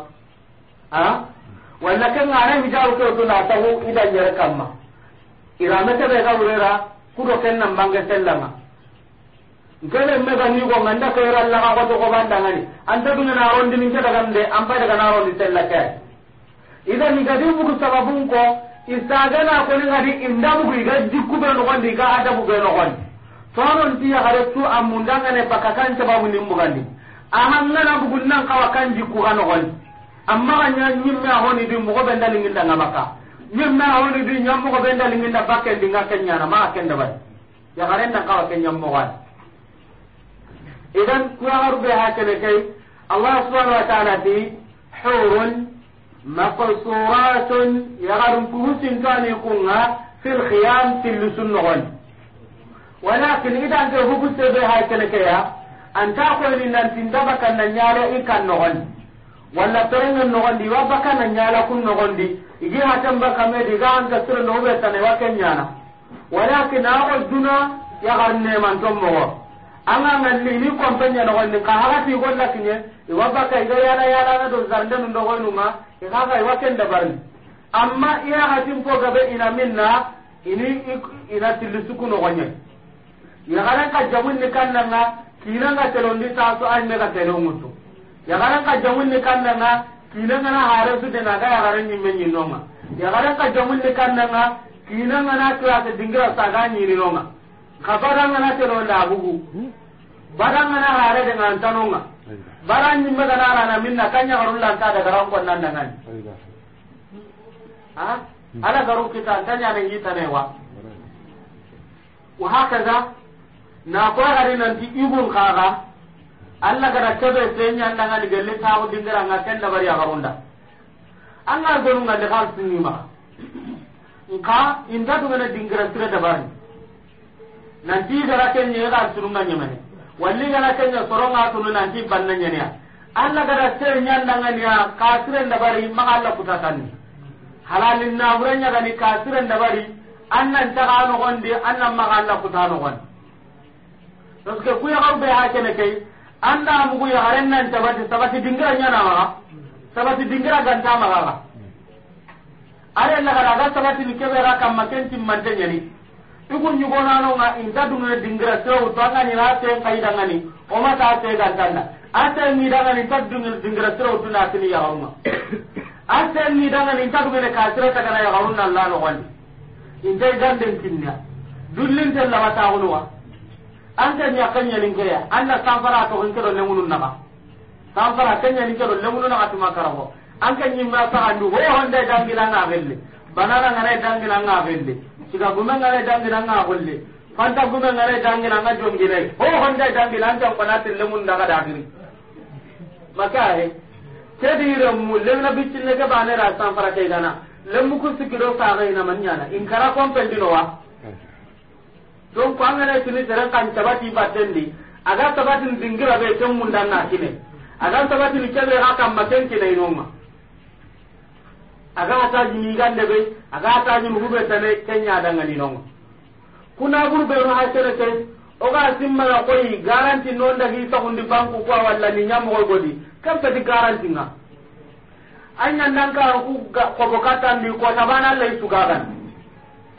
ha walla ken ngana hijabu ke to na ta hu ida yer kamma ira mete be ga wurera ku do ken nan bange sella ma gele me ga ni ko nganda ka yara Allah ko to ko banda ngani anta dunga na rondi ni kada kan de ampa daga na rondi tella ka idan ni gadi bu sababun ko isaga na ko ni ngadi inda bu ga dikku be no gondi ka ada bu be no gondi tonon tiya hare tu amunda ngane pakakan sababu ni mugandi ahan ngana bu gunnan wa kan dikku kan no gondi amma anya nyimme a honi bi mo go benda ni nginda ngabaka nyimme a ni bi nyammo go benda ni nginda bakke dinga kenya na ma kenda bai ya hare na kawa kenya mo gondi idan kuyaxaru ɓe ha kene kay allah subhanau wa taala ti xurun maqsuratun yaxarum kuhusintoani kunga fi lxiyam tillisun noxoni walakin idanke hubuste ɓe ha kene keya anta koyni nantinta bakanna ñaale i kan noxoni walla torengen noxondi iwa bakanna ñaala kun noxondi igi haten bakamedi iga anka sirendoxuɓe tana iwa ken ñana walakin axo duna yaxar nemanton moxo anga ngalli ni kompenya no golli ka harati golla kinye e wabba kai ga yana yana na do zarnde no do gonu ma e ka ga waken da barni amma iya hatin po gabe ina minna ini ina tilisuku no gonye ya garan ka jamun ni kannanga kina ga telon ni ta so ay me ga telon mutu ya garan ka jamun ni kannanga kina na hare su de na ga ya ni nyimme nyinoma ya garan ka jamun ni kannanga kina na na tura ta dingira sa ga nyinoma kabarangana telo labugu barangana hare de ngantanonga baran nyimme gana rana minna kanya garulla ta daga ran konna nan ha ala garu kita tanya ne yita ne wa wa hakaza na ko gari nan ti ibun kaga alla gara kebe senya ndanga ni gelle tawo dingara ngaten da bari garunda anga gonu de kal sinima nka inda dungana dingara sire da bari nanti gara kenye ga surunga nyamane walli gara kenye soronga tunu nanti banna nyanya alla gara ser nyanda niya kasiren dabari maka alla kutatani halalin na buranya gani kasiren dabari annan taga no gonde annan maka Allah kutano gon parce que kuya garbe ha kene kai anda mugu kuya haren nan tabati tabati dingira nyana maka tabati dingira ganta maka are la gara ga tabati ni kebera kam makentim mantenya ni igun ñugonanonga inta dungene dingira sewu to angani na sen kayidangani omata se gantanda a sen nidangani inta dungene dingira sewu ka atini yagarunga a sen nidangani inta dungene kasira tagana yagarunna alla nogondi intai ganden kinna dullinte labatagunuwa anta ñakkeñaninkeya anna sanfara toginkedo lengunu naga sanfara keñaninkedo lengunu naga tuma ni anke ñimma sagandu ho honde dangilanga belle banana ngana dangilanga belle siga gume ngare jangina nga golle fanta gume ngare jangina nga jongine ho honda dangina anta kona telle mun daga dagiri maka he kedi remu lemna bicinne ke bane ra san fara kai gana lemu ku sikiro ka ga ina manyana in kara kon pendino wa don ko angane tuni tere kan tabati batendi aga tabati dingira be tan mun danna kine aga tabati ni kebe ga kam maken kine inoma aga taji yigande be aga taji mugube tane kenya danga ni non kuna buru be no hasere te oga simma ga koyi garanti non da hisa hundi banku ko walla ni nyam ko godi kam ta di garanti nga anya ndanga ku ko bokata ndi ko tabana le su gagan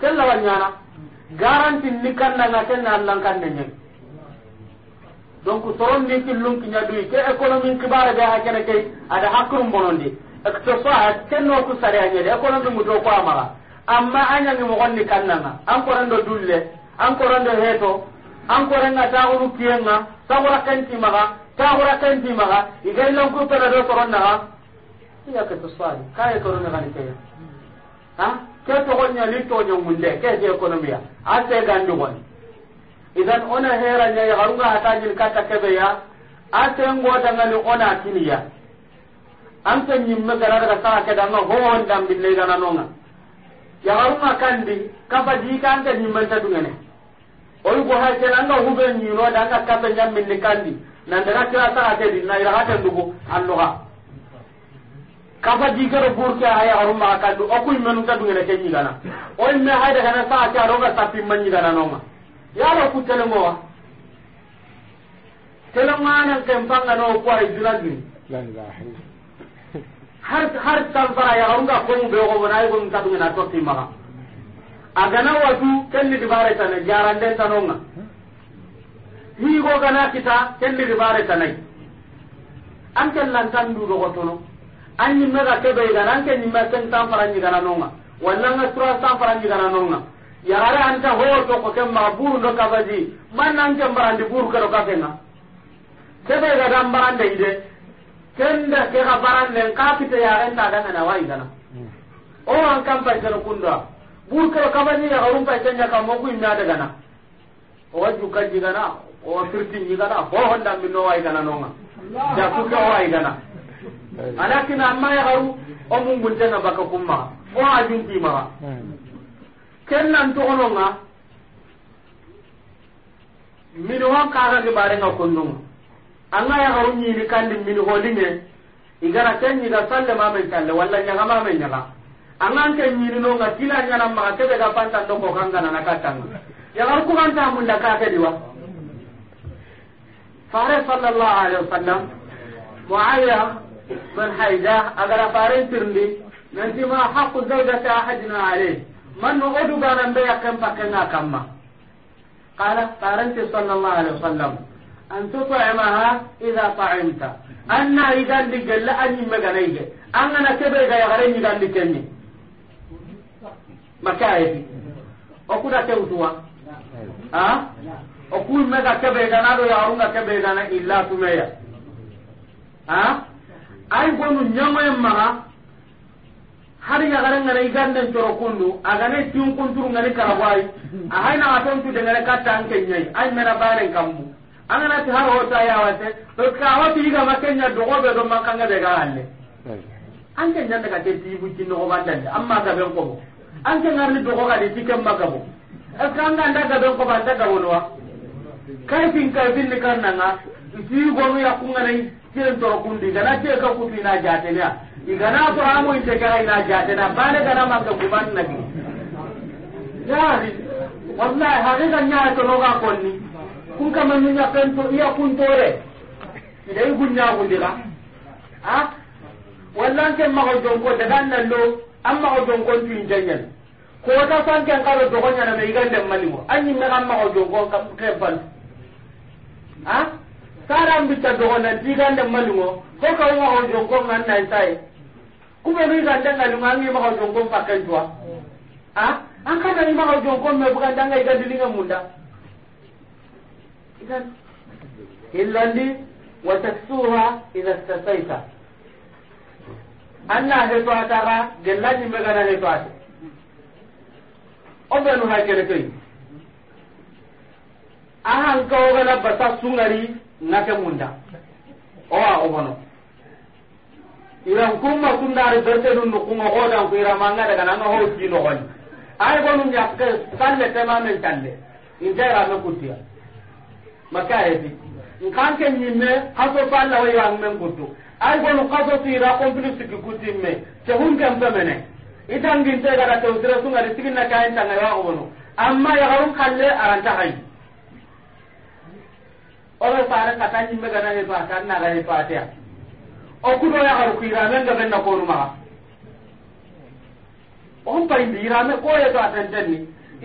kella wanyana garanti ni na nga nan kan kanda nyen donc soron ni kilun kinya nyadu ke economy kibara ga hakene ke ada hakrum bonondi اقتصاد كنو كسر يعني ده كون دو مدو كو اما انيا ني مغني كاننا ان كورن دو دوله ان كورن دو هيتو an korenga taxunu kiyenga taxura kentimaxa taxura kentimaxa igarilanku peredo soronnaxa iyaketo sali ka économixani keya a ke toxoñani toñongunde ke ke économia a segandugoni idan ona heranya yaxarunga hatañin katta keɓeya a sengotangani ona kiniya an ta nyimme gara daga sa ke danga ho on dam bille gana nonga ya haruma kandi kafa di kan ta nyimme ta dungene oy go ha ke anga hube nyiro danga kaba nyam minne kandi nan daga kira sa ke din na ira hata an alloga kafa di gara burke aya haruma kandi o kuy menu ta dungene ke nyigana oy me ha daga na sa ke aroga tapi man nyigana nonga ya ra ku tele mo wa tele manan kan panga no ko e ay juragni la har har tanfara ya runga ko mu be ko wona ko ta dunga to timaga agana ken ni dibare tane jarande tanonga hi go gana kita ni dibare tanai. an lan tan du go tono an ni mega be ga nan ken ni ma tan tanfara ni gana nonga walla nga tura tanfara ni gana nonga an ta ho to ko ma buru ndo kabaji man nan jambarandi buru ka na ke be ga dambarande ide kenda ke ga baranden ka kita ya ren ta dana na wai dana hmm. o an kan pa tan kunda bur ka ka bani ya garum pa tan ya ka mo kuin na daga na o waju ka diga na o tirti ni gana ho honda min no wai dana no nga ja ku ka wai dana hmm. alakin amma ya garu o mun gunta na baka kumma o ajin ti ma ken nan to ono nga min wa ka ga bare na kundunga anga ya garu ni ni kan min holinge igara ten ni da salle ma men salle walla nya ga ma men nya angan ken ni no ga kila nya na ma ke ga panta do ko kanga na ka tan ya garu ku kan ta mun da ka ke diwa fare sallallahu alaihi wasallam muawiya bin haida agara fare nan ti ma haqqu zawjati ahadina alaihi man no odu ga ganan be kan pakena kamma qala farante sallallahu alaihi wasallam an tutaimaha idha ta'imta anna igandi gelle an yimme ganayge an gana kebe ga yagare ñigandi o make ayeti okuda ha o oku imme ga kebe gana do yagarunga kebe gana illa tumeya ha ay gonu ñamoyen maga har yagare ngana iganden coro kundu agane tinkunturu ngani karaboayi ahaynaga tentu dengene katta an kenñayi ay mena baren kambu angana ti har hota ya wate to ka wati ga makanya dogo be do makanga be ga halle an ke ka te tibu ti no ba dan amma ga ben ko an ke ngarni dogo ga de tikem magabo bo ka anda nan daga ben ko ba ga wonwa kai fin kai fin ni kan nanga ti go ya kunga nai tiren to kundi ga na te ka ku na jate ne iga na to amu te ga ina jate na bale ga na maka ku ban na ni ya wallahi hakika nyaa to no ga konni kun kama ni nya kan to iya kun tore idai gunya gundira ha wallan ke ma gon da dan nan lo amma ko gon ko tin ko ta san ke kan karo to gonya na mai gande malimo anyi me amma ko gon ko kam ke ban ha saran bitta do gonya ti mani mo ko ka wa ko gon ko nan nan sai kuma ni gande ngalimo anyi ma ko gon ko pakai tuwa ha an ka ni ma ko gon ko me bukan danga igandi linga munda idan hillandi wa taksuha idha istasaita anna heto ataga gellani megana heto ate obenu ha kene kay ahan ka ogana basa sungari ngake munda owa obono iran kumma sundari berte dun kuma godan ku iran manga daga nanga ho jino goni ay gonu nyakke salle tema men talle intera me kutia maka yeti nkan ke nyimme kaso fa Allah wa yang men kutu ay gonu kaso ti ra kompli siki kutimme te hun mene pemene itangin te daga te utira sunga de sigin na kayan tanga wa gonu amma ya garun kalle aranta hayi ore fare kata nyimme gana he ba tan na ga he ba te o kudo ya garu kira men ga benna ko ma on pay dirame ko ya to atanten ni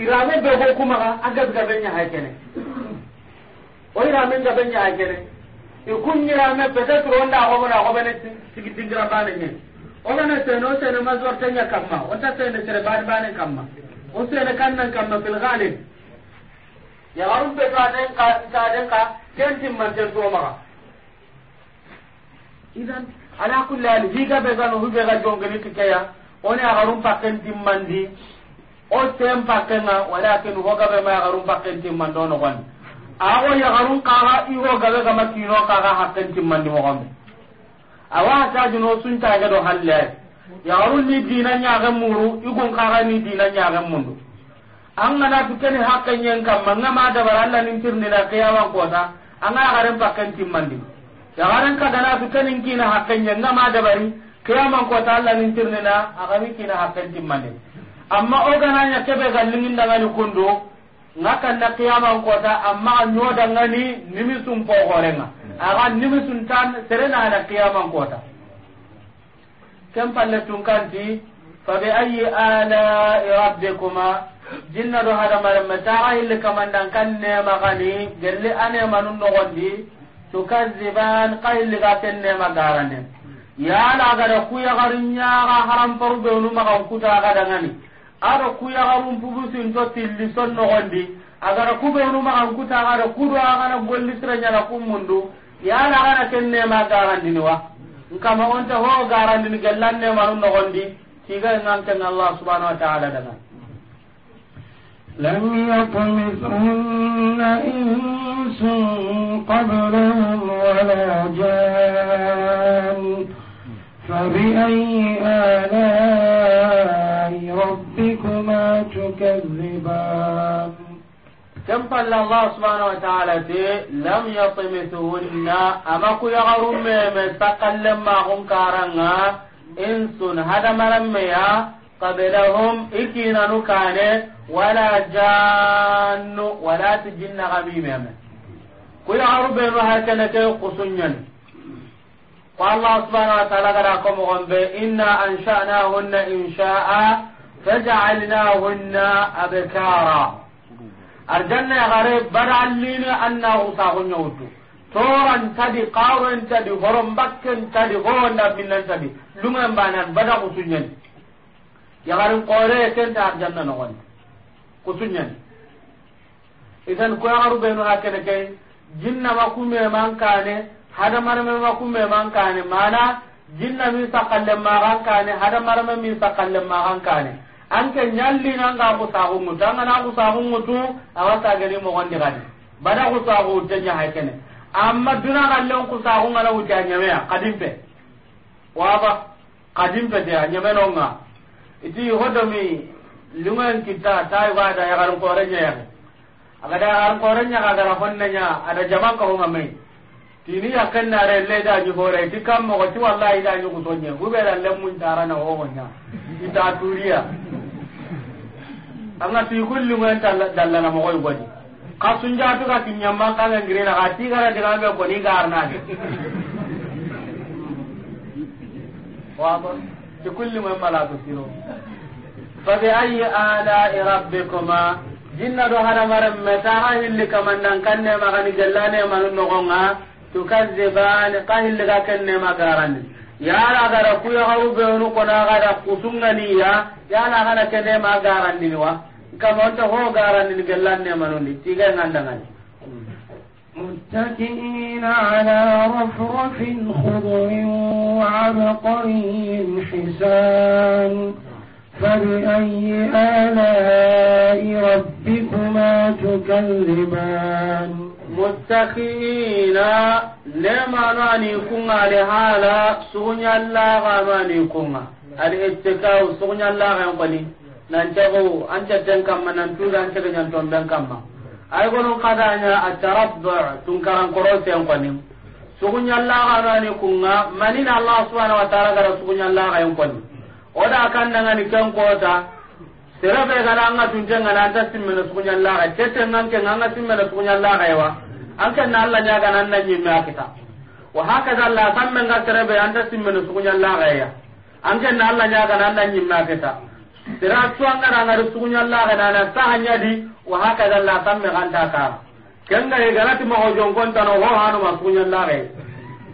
irame be ko kuma ga aga ga benya hay kene oyira min ga ben ya gere ikunyira me peut-être onda ko bona ko bene tigi tingira bane ne ogana seno seno mazor tanya kamma onta seno sere bane bane kamma o seno kannan kamma fil ghalib ya garum be ka den ka ka den ka ken timman ten to ma idan ala kulli hal higa be gano hube ga jongani tikaya oni a garum man di o tem pakken na walakin hoga be ma garum pakken timman do no gwani awo yagarun kaga iho gabe gama kino kaga hakkan timmandi gombe awa ta ga do halle ay yagarun ni dina ga muru igun kaga ni dina ga mundu an ganatu keni hakken yen ma da bar allah nin tirndina kiyawan kota anga yagaren pakken timmandi yagaren kaganatu kenin kina da bari ngama dabari ko ta allah nin tirndina agami kina hakken timmandi amma da ga ni kundo nga na qiyaman kota amma nyoda ngani nimi sum mm. po ma aga nimi sun tan serena na qiyaman kota kam palle tun fa bi ayi ala rabbikuma jinna do hada ta ayi le kamandan kan ne magani gerli ane manun no gondi tukazziban qayli ga tenne magarane mm. ya la ga ku ya garinya ga haram paru be nu magan kuta ga dangani aro kuyaxarum pubusinto tilli son noxondi agara kuɓenu maxan kuta agara kudo agana golli sirañana kummundu yala agana ken nema garandini wa nkama onta ho garandini gellan nemanu noxondi tiga ngan ken allah subhanahu wa taala daga لم يطمثهن إنس قبلهم ولا جان فبأي آلاء ربكما تكذبان كم قال الله سبحانه وتعالى لم يطمثهن أما كو يغرم مستقل ما هم كارنا إنس هذا ملميا قبلهم إكينا نكاني ولا جان ولا تجن غميمة كو يغرم هكذا قصنين ko allah subhanahu wa taala gara ko mogon ɓe inna a insha'a fajaalnahunna abkara arjanna yagare bada allini anna usagunyawutu toran tadi qaron tadi horon bakken tadi horonda minnan tadi lumen banan bada kusunyani yagarin kore kenta arjanna nogoni kusunyani idan ko yagaru benu hakene kay jinna ma man kane hada marame ma kumme man kane mana jinna mi sakalle ma kan kane hada marame mi sakalle ma kan kane anke nyalli nan ga ku sahu mutu an na ku sahu mutu awata gani mo gondi gani bada ku sahu tanya haykene amma duna kallon ku sahu ngala wuti anyame kadimbe waba kadimbe de anyame nonga iti hodomi lungan kita tai wada ya garan korenya ya agada garan korenya ga gara honnenya ada jaman ko ngamai tini yakan na relle da ji hore ti kam mo ti wallahi da ji kusonye ube da le mun tara na ho wonya ita turiya anga ti kulli mun ta dalla na mo koy godi ka sun ja to ka tinya ma ka ga ngire na ka ti gara de ga ko ni gar na de wa ba ti kulli mun mala to siro fa bi ayi ala rabbikuma jinna do hada maram meta ha hilli kamandan kanne magani gellane man nogonga tukazziban kahilliga kennema garani yala gara kuyaharu benu kona gara kusunganiya yala gana kenema garandini wa kama onta ho garandini gellannemanondi tiga ngandangani متكئين على رفرف خضر وعبقري حسان فبأي آلاء ربكما تكذبان muttakiina nemano ani kunga ali hala suguñallagamani kunga ali ittikau suguñallagen koni nancago ancaten kamma nantuga ancege ñantomben kamma ay gonon kadaña atarabbu tunkarankoroseen koni suguñallagano ani kunga manina allah subhanau wa taala gara suguñallagaen koni oda kandangani ken kota serebe gana anga tunte ngana anta simmene suguñallaga tetenganke nga anga simmene suguñallagaewa أكن الله نجا نان نجي ما كتا وهكذا الله ثم من غسر به أنت سمع نسقون الله غيا أكن الله نجا نان نجي ما كتا ترى سوأنا رانا نسقون الله غنا نسخان يدي وهكذا الله ثم من غندا كا كن غي غلط ما هو جون كون تنو هو هانو ما سقون الله غيا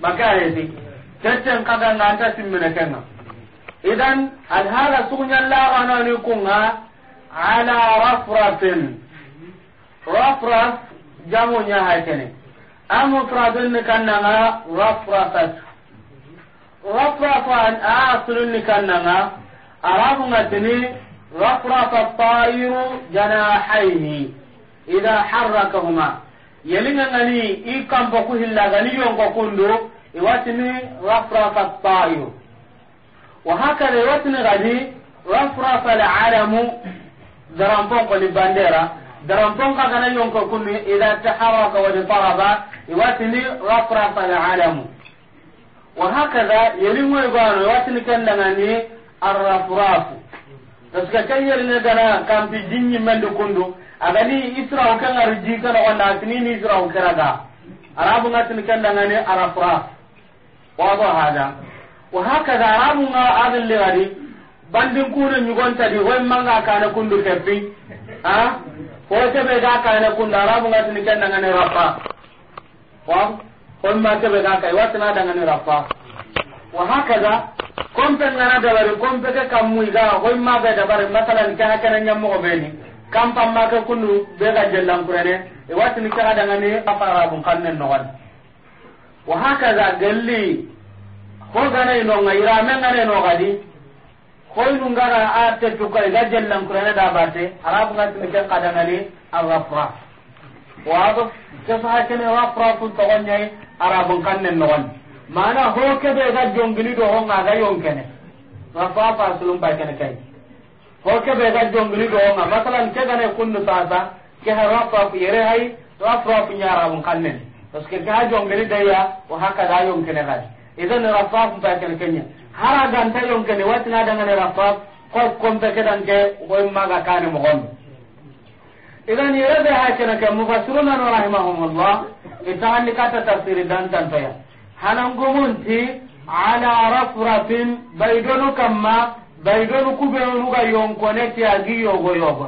بكاه يدي كتشن كذا نانتا سمع نكنا إذن هل هذا سقون الله غنا نكونا على رفرة رفرة jamu nya hay kene amu fradun ni kannanga rafrafat rafrafa aslun ni kannanga arabu ngatini harrakahuma yelinga ngani i kampo ku kundu iwatini wa iwatini gadi alamu ko ni bandera daram ton ka kana yon ko kunni idha taharaka wa taraba iwatini ghafra fal alamu wa hakaza yelin moy gano iwatini kendanga ni arrafrafu taska kayel ne gana kampi jinni mende kundu agani isra ka ngar jika na onda tini ni isra ka raga arabu ngatin kendanga ni arrafraf wa ba hada wa hakaza arabu nga adil li bandin kuna nyugon tadi hoy manga kana kundu keppi ha ko sebe ga kayna kunda arabu ngati ni kenna ne rappa wa kon ma sebe ga kay watna daga ne rappa wa hakaza kon pe ngana da bari kon pe ka kammu ga ko ma ga da bari masalan ka hakana nyammo ko beni kam pam ma ka kunu be ga jellan kurene e eh, watni ka daga ne apa arabu kanne no wan wa hakaza galli ko ga ne no ngaira men ngane no gadi koynu ngara a tettukoy ga jellankurene da batte arabuga sini ke kadangali algafra waago ke saha kene gafra kun togonñayi arabun kan nen nogoni mana ho keɓe ga jongini do honga ga yonkene gafra fasulum bay kene kay ho keɓe ga jongini do honga masalan kegane kunnu sasa ke ha gafra fu yere hay gafra fu ña arabun kan neni parce que ke ha jongini daya o hakada yonkene kadi idan rafa fu bay kene kenya hara ganta yonkene watina dangane rabba ko kompe kedanke koy maga kane mogonɓe idan yerebe ha kene ke mufassirunano rahimahumullah itaanni katta tafsiri dantantoya hanangumunti ala rafrafin baydonu kamma baydonu kuɓenuga yonkone ti agi yogo yogo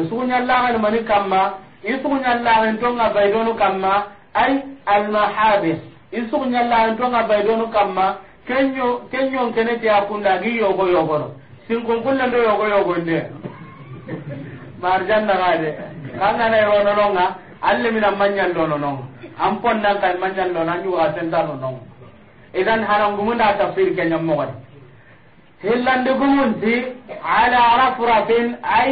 isuguñallaxenmani kamma isuguñallaxen tonga baydonu kamma ay almahabis isug ñallaani tonga baydonu kamma kenyo kenyon kene te akunda gi yogo yogono sinkun kullendo yogo marjan marjanna gade kanga na rono nga. alle mina manyan lono nonga am ponnan kan manyan lono anyu ga senta no nonga idan haram gumunda tafsir kenya mogadi hillande gumunti ala rafrafin ay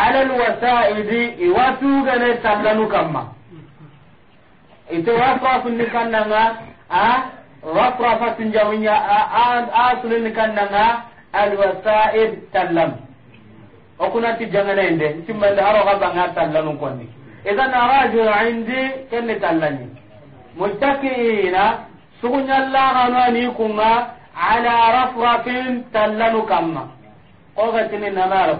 ala alwasaidi iwatu gane tallanu kamma ite rafrafu ni kannanga a rafrafa tinjamunya a a sulini kannanga alwasaid tallam okunati janganende timmande haroga banga tallanun konni idan arajul indi kenne tallani muttakiina suguñallagano ani kunga ala rafrafin tallanu kamma kogatini nanaro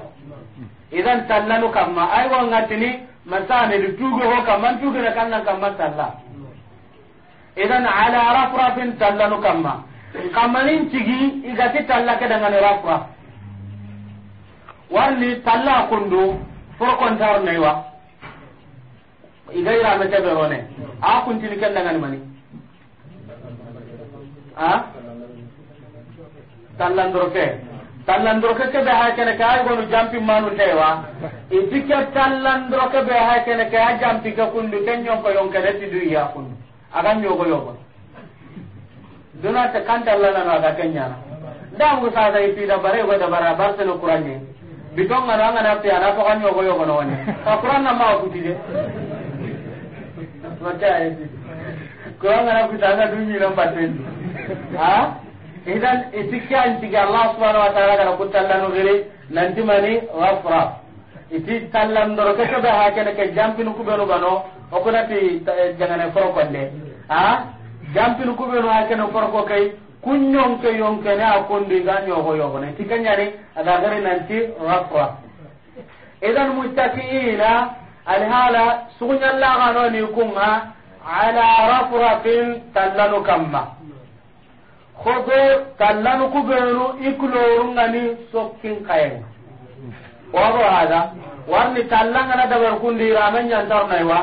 idan tallanu kamma aygongatini man ne du tugo ho kam man tugo na kannan kam masalla idan ala rafrafin tallanu kamma kamanin cigi igati talla ke dangan rafra warni talla kundu forkon tar naiwa igaira mete berone a kuntini ken dangan mani a tallan doroke tallandoro ke kebe ha kene ke ay gonu jampi manu tewa iti ke tallandoro ke be ha kene ke ha jampi ke kundu ken ko yonke de tidu iya kundu aga nyogo yogo duna ta kan tallana na aga kenya da mu sa da iti da bare wa da bara bar selo qur'ani bidon ngana ngana te ana to kan nyogo yogo no wani ka qur'an na ma ku tide wata ai qur'an ngana ku ta ga dunyi ran paten ha idan itike antigi allah subhanau wa taala gana ku tallanugiri nantimani gafra iti tallandoro ke sobe ha kene ke jampini kubenu gano okunati jangane forokonde ha jampini kubenu ha kene foroko kay kunyonke yonkene a kondi ga ñogo yogone ti keñani aga gari nanti gafra idan muttakiina alhala ni kunga ala rafrafin tallanu kamma kodo kallanu kubenu ikulorungani sokkin kayenga waro hada warni tallangana dabar kundi rame nyantarnai wa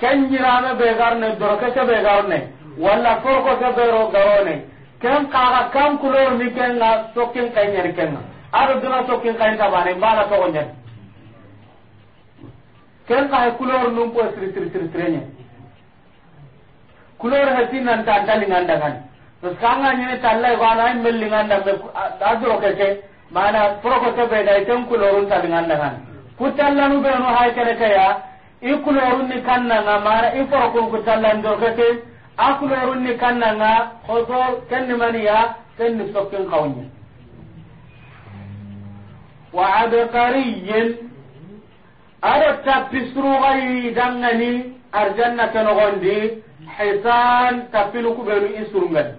ken jirame begarne dorokeke begarne walla korkoke bero garone ken kaga kam kulorni kenga sokkin kayenyeri kenga ado duna sokkin kayentabane mbala togonyeri ken kahe kulor num po siri siri siri sirenye kulor hesi nanta antalingandagani skanga ñini tallay ko ana mellingandambe a duro keke mana prokote ɓe gay ten kulorun talingandagan ku tallanu ɓenu hay kene keya i kanna kannanga mana i forokun ku tallandiro keke a kanna kannanga koso kenni maniya kenni sokkin kawñi wa abkariyin aɗo tappi surugayi dangani arjanna kenogondi hisan tapilu ku benu isurungan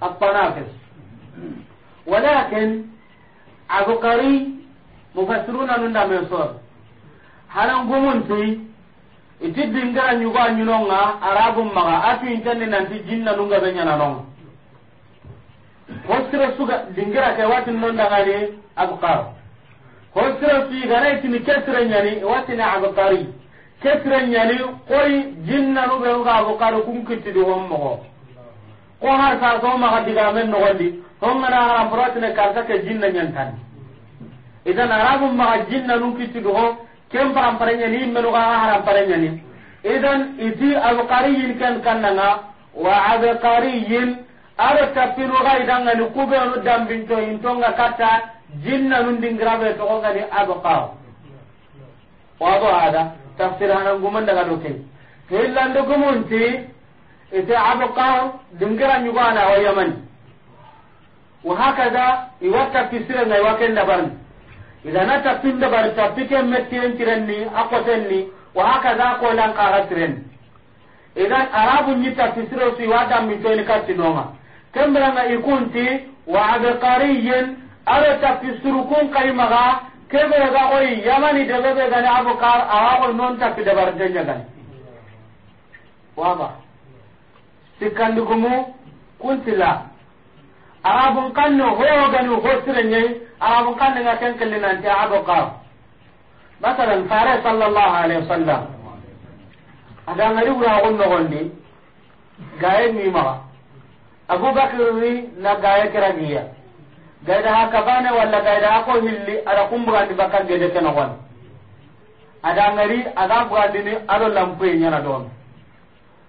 apanakes walakin abukari mufassiruna nunda men sor hanan gumunti iti dingara ñugo a ñinonga arabum maga atu intende nanti jinna nunga be ñananonga hosire suga dingira ke watin nondangani abukar hosire suiganaytini kesire ñani watini abukari ketre nyani koy jinna no be ga bo karo kum kitti do hom mo ko har sa so ma ga diga men no gondi hom na ha prat ne kar ka ke jinna nyan tan idan arabu ma jinna no kitti do kem param parenya ni men ga haram parenya ni idan iti abqariyin kan kannanga wa abqariyin ada tapinu ga idan ga ni kube no dambin to intonga kata jinna no dingrabe to ga ni abqa wa hada tafsir hanan guman daga doke hillande gumunti ite abuka dingira nyugo ana wa yaman wa hakada iwata pisire na iwaken dabarni idana tapin tirenni akotenni wa ko lan idan arabu ni su na ikunti wa ara kun kaimaga kebe ga koy yamani debe be gani abukar awa koy non tapi dabar denya gani waba sikkandigumu kuntila arabu kanno hoyo gani ho sirenye arabu kanno nga ken kelli nanti abukar masalan fare sallallahu alaihi wasallam ada ngari wura gonno gondi gaye ni ma abubakar ni na gaye kiragiya gaida haka bane walla gaida hako ala ada kumbugandi bakkan gede kena gon ada ngari aga bugandi ni ado lampe nyana don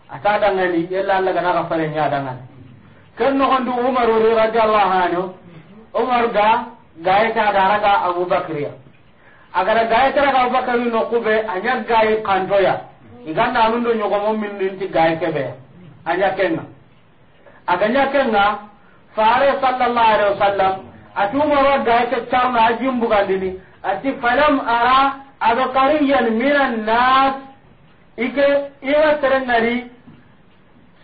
ata ngani yalla Allah gana ka fare nya dangan ken no gondu Umar radhiyallahu anhu Umar ga gaye ta daraga Abu Bakriya agara gaye ta daga Abu Bakri no kube anya gaye kandoya iganda anundo nyogo mo min ninti gaye kebe anya kenna aganya kenna fare sallallahu alaihi wasallam atumaro gaete carno a jimbugandini ati falam ara aɗo kariyan minan nas ike iwa serengari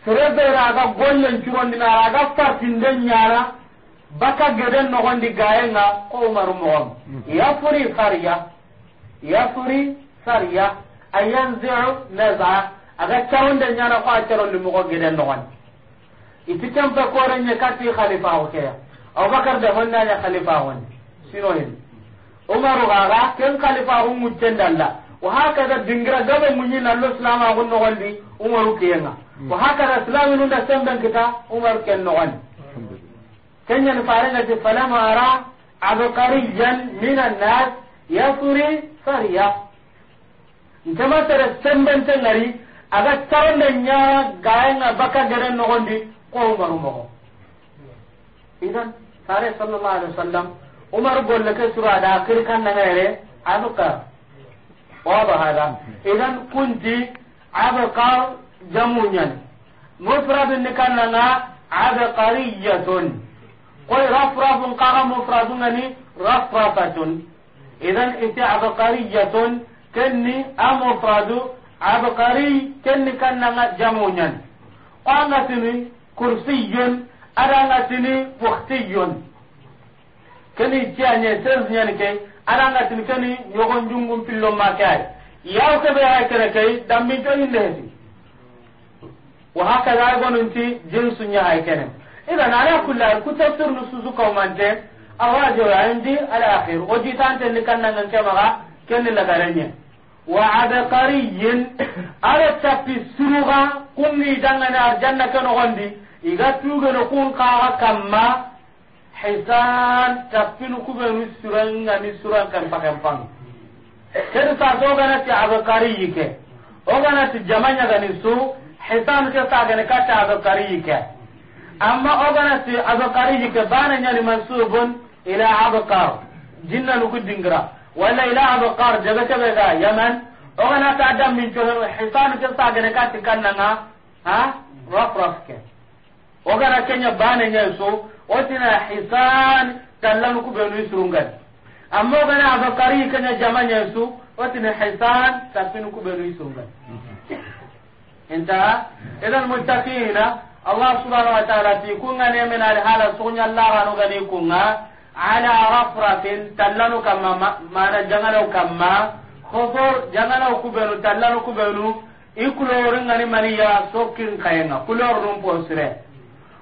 serebere aga gollen curondina ara aga fartinden ñana baka geden nogondi gayenga ko umaru mogom yafuri sariya yafuri sariya ayanziu naza aga caronde ñana ko a carondi mogo geden nogondi iti kempe korenye kati khalifaxu keya abubakar da honnaña khalifaxuni sinoyin umaru xaxa ken khalifaxu da dalla wa haka da dingira gabe muñi nallo silamaxu noxondi umaru kiyenga hmm. wa haka da hakada silaminunda semben kita umaru ken noxoni kenñani fala ma ara abkariyan min nas yasuri sariya ntema sere sembenteŋari aga taronde ña baka bakka gere noxondi ko umaru mogo idan sare sallallahu alaihi wasallam umaru golle ke suru ada kir kan na ngere abuka wa ba hada idan kunti abuka jamunyan mufradun ni kan na abqariyatun ko rafrafun qaga mufradun ni rafrafatun idan inti abqariyatun kenni amufradu abqari kenni kan na jamunyan ko angatini kursiyun adangatini buktiyun keni jiyanye sensiyani ke adangatini keni yogon jungun pillonma ke ay yaw kebe ay kene kei dambinto indeheti wahakaza ay gonunti jinsu ñahay kene idan ala kulla ku tafsir nu susu kawmante awajoya indi al akhir o jitantenni kannangan kemaga kenni lagarenye wa adakariyin ala tappi suruga kunni dangane arjanna ke nogondi iga tugeno kun kaxa kamma hisan tappinu kubenu surangani suran kempa kempang kedi sasa oganati abakariyi ke oganati jamanyagani su hisan ke sagani katta abakariyi ke amma oganati abakariyi ke bana ñani mansubun ila abakar jinnanuku dingira wala ila abakar jabekeɓega yaman oganata dammin cohe hisan ke sagani katti kannanga ha rafraf ke o gara kenya bane nya so o tina hisan tallan ku benu surungan amma o gara abakari kenya jamanya so o hisan tapin ku benu surungan inta idan muttaqina allah subhanahu wa ta'ala fi kunga ne min al hala sunya allah ranu gani kunga ala rafratin mana khofor ku benu ku benu kayenga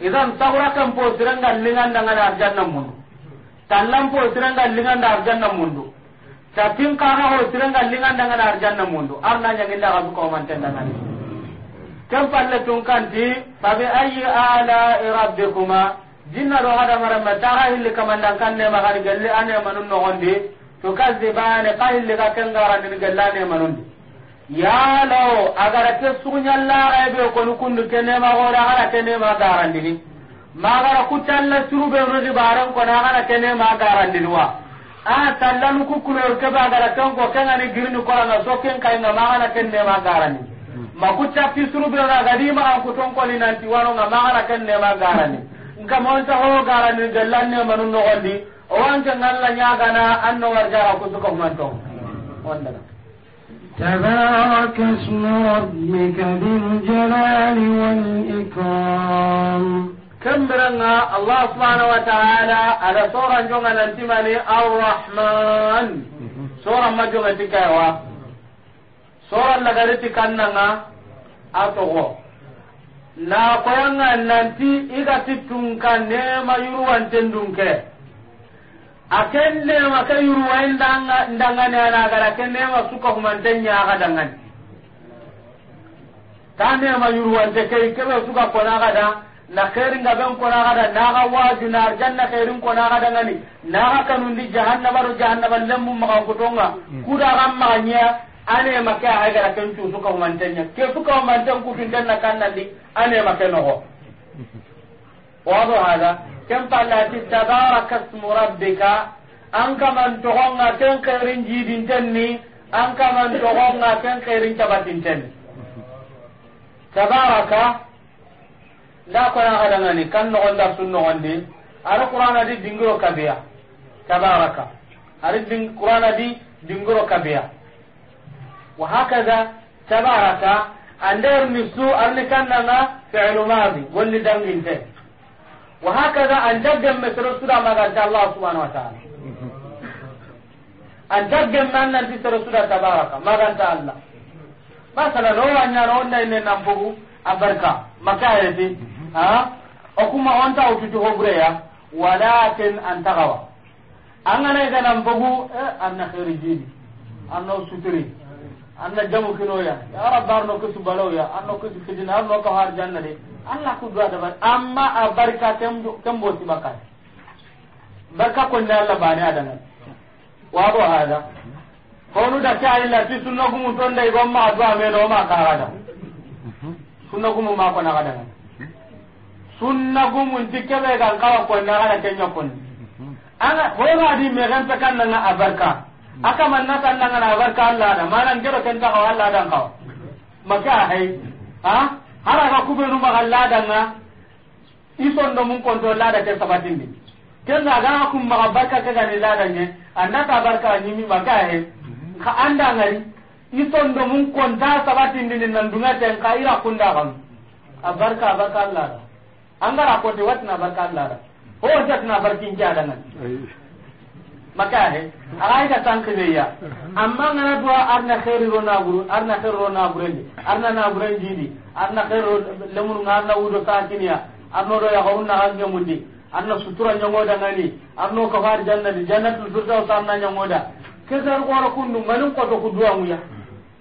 idan tawra kan po siranga linganda ngana arjanna mundu tallan po siranga linganda arjanna mundu tapin kaga ho siranga linganda ngana arjanna mundu arna nyanginda ka ko man tenda ngani kam palle tun kanti fabi ayi ala rabbikuma jinna do hada marama taga hilli kamandan kanne magari galle ane manun no gonde to kazzibane qahilli ka kangara din gallane manundi yalaw agarate suguñallaxaye ɓe koni kundu kenema xoore axana kenema garandini magara kutalla suruɓenu xibaren kone axana kenema garandini wa a tallanu kukuloor keɓe agara ken ko kengani girini koranga so ken kayinga maxana garan garani ma kucappi suruɓenu agadi maxan kuton koni nanti wanonga maxana kennema garani nkamonta ho garani gellannemanu noxondi owanke ngalla ñagana an nongar jara kusukafumanton on daga تبارك اسم ربك ذي الجلال والإكرام كم برنا الله سبحانه وتعالى على سورة جمعة ننتمني الرحمن سورة ما جمعة تكاوا سورة لغريتي كاننا أتوغو na koyanga nanti iga titunka nema yuruwantendunke aken nema ka yuru wa ndanga ndanga ne ana gara ken nema suka humanten nya ga dangan ta nema yuru wa te kai suka kona ga da na khairin ga ben kona ga da na ga waju na janna khairin kona ga da ngani na ga kanun di jahannama ro jahannama lemmu ma ko tonga hmm. kuda ga ma nya ane ma ka ga gara ken tu suka humanten nya ke suka humanten ku tin na kan nan di ane ma ke no ho wa hada ken tabaraka smu rabbika an kaman togonga ken kairin jidintenni an kaman togonga ken kairin tabatintenni tabaraka nda kona kan nogonda sun nogondi ari qur'ana di dingiro kabeya tabaraka ari ding qur'ana di dingiro wa hakaza tabaraka arni kannanga fi'lu madi golli danginte wa hakaza an jaggemme sero suda maganta allah wa taala an jaggemme an nanti suda tabaraka maganta allah masalan owa ñana on nayne nan fogu a barka maka ayeti a okuma onta ututi hoɓureya walakin an tagawa an ganay ganan fogu anna heri jini anno suturi an na jamu kinoya ya rabba arno kusu ya arno kusu fidina arno ko har janna de alla ku do adabar amma a barka tembo tembo ti bakka barka ko ne alla bani adana wa bo hada honu da ta ila ti sunna gumu ton dai gon ma do ame no ma da sunna gumu ma ko na kada sunna gumu ti kebe gan kawa ko na kada kenya kon ana ho ga di me gan ta kan na abarka aka na tan nan na barka Allah da manan gero ken ta Allah dan ka maka hay ha hara ka kube nu ma Allah dan na ison da mun konto Allah da ke sabatin ni ken na ga kun ma barka ka ga ni Allah dan ne anna ta barka ni mi maka hay ka anda ngari ison da mun konta sabatin ni nan dunga ten ka ira kunda ban a barka Allah an angara ko te watna barka Allah da ho jatna barkin ja dan tan agaita ya amma ngana duwa arna na naburu arna heriro naburendi arna di arna heriro lemununga arna wudo sakiniya arno do yahorunnagangemundi arna sutura da ngani arno na jannati da ke arna ko ro kunu kundu ko koto ku ya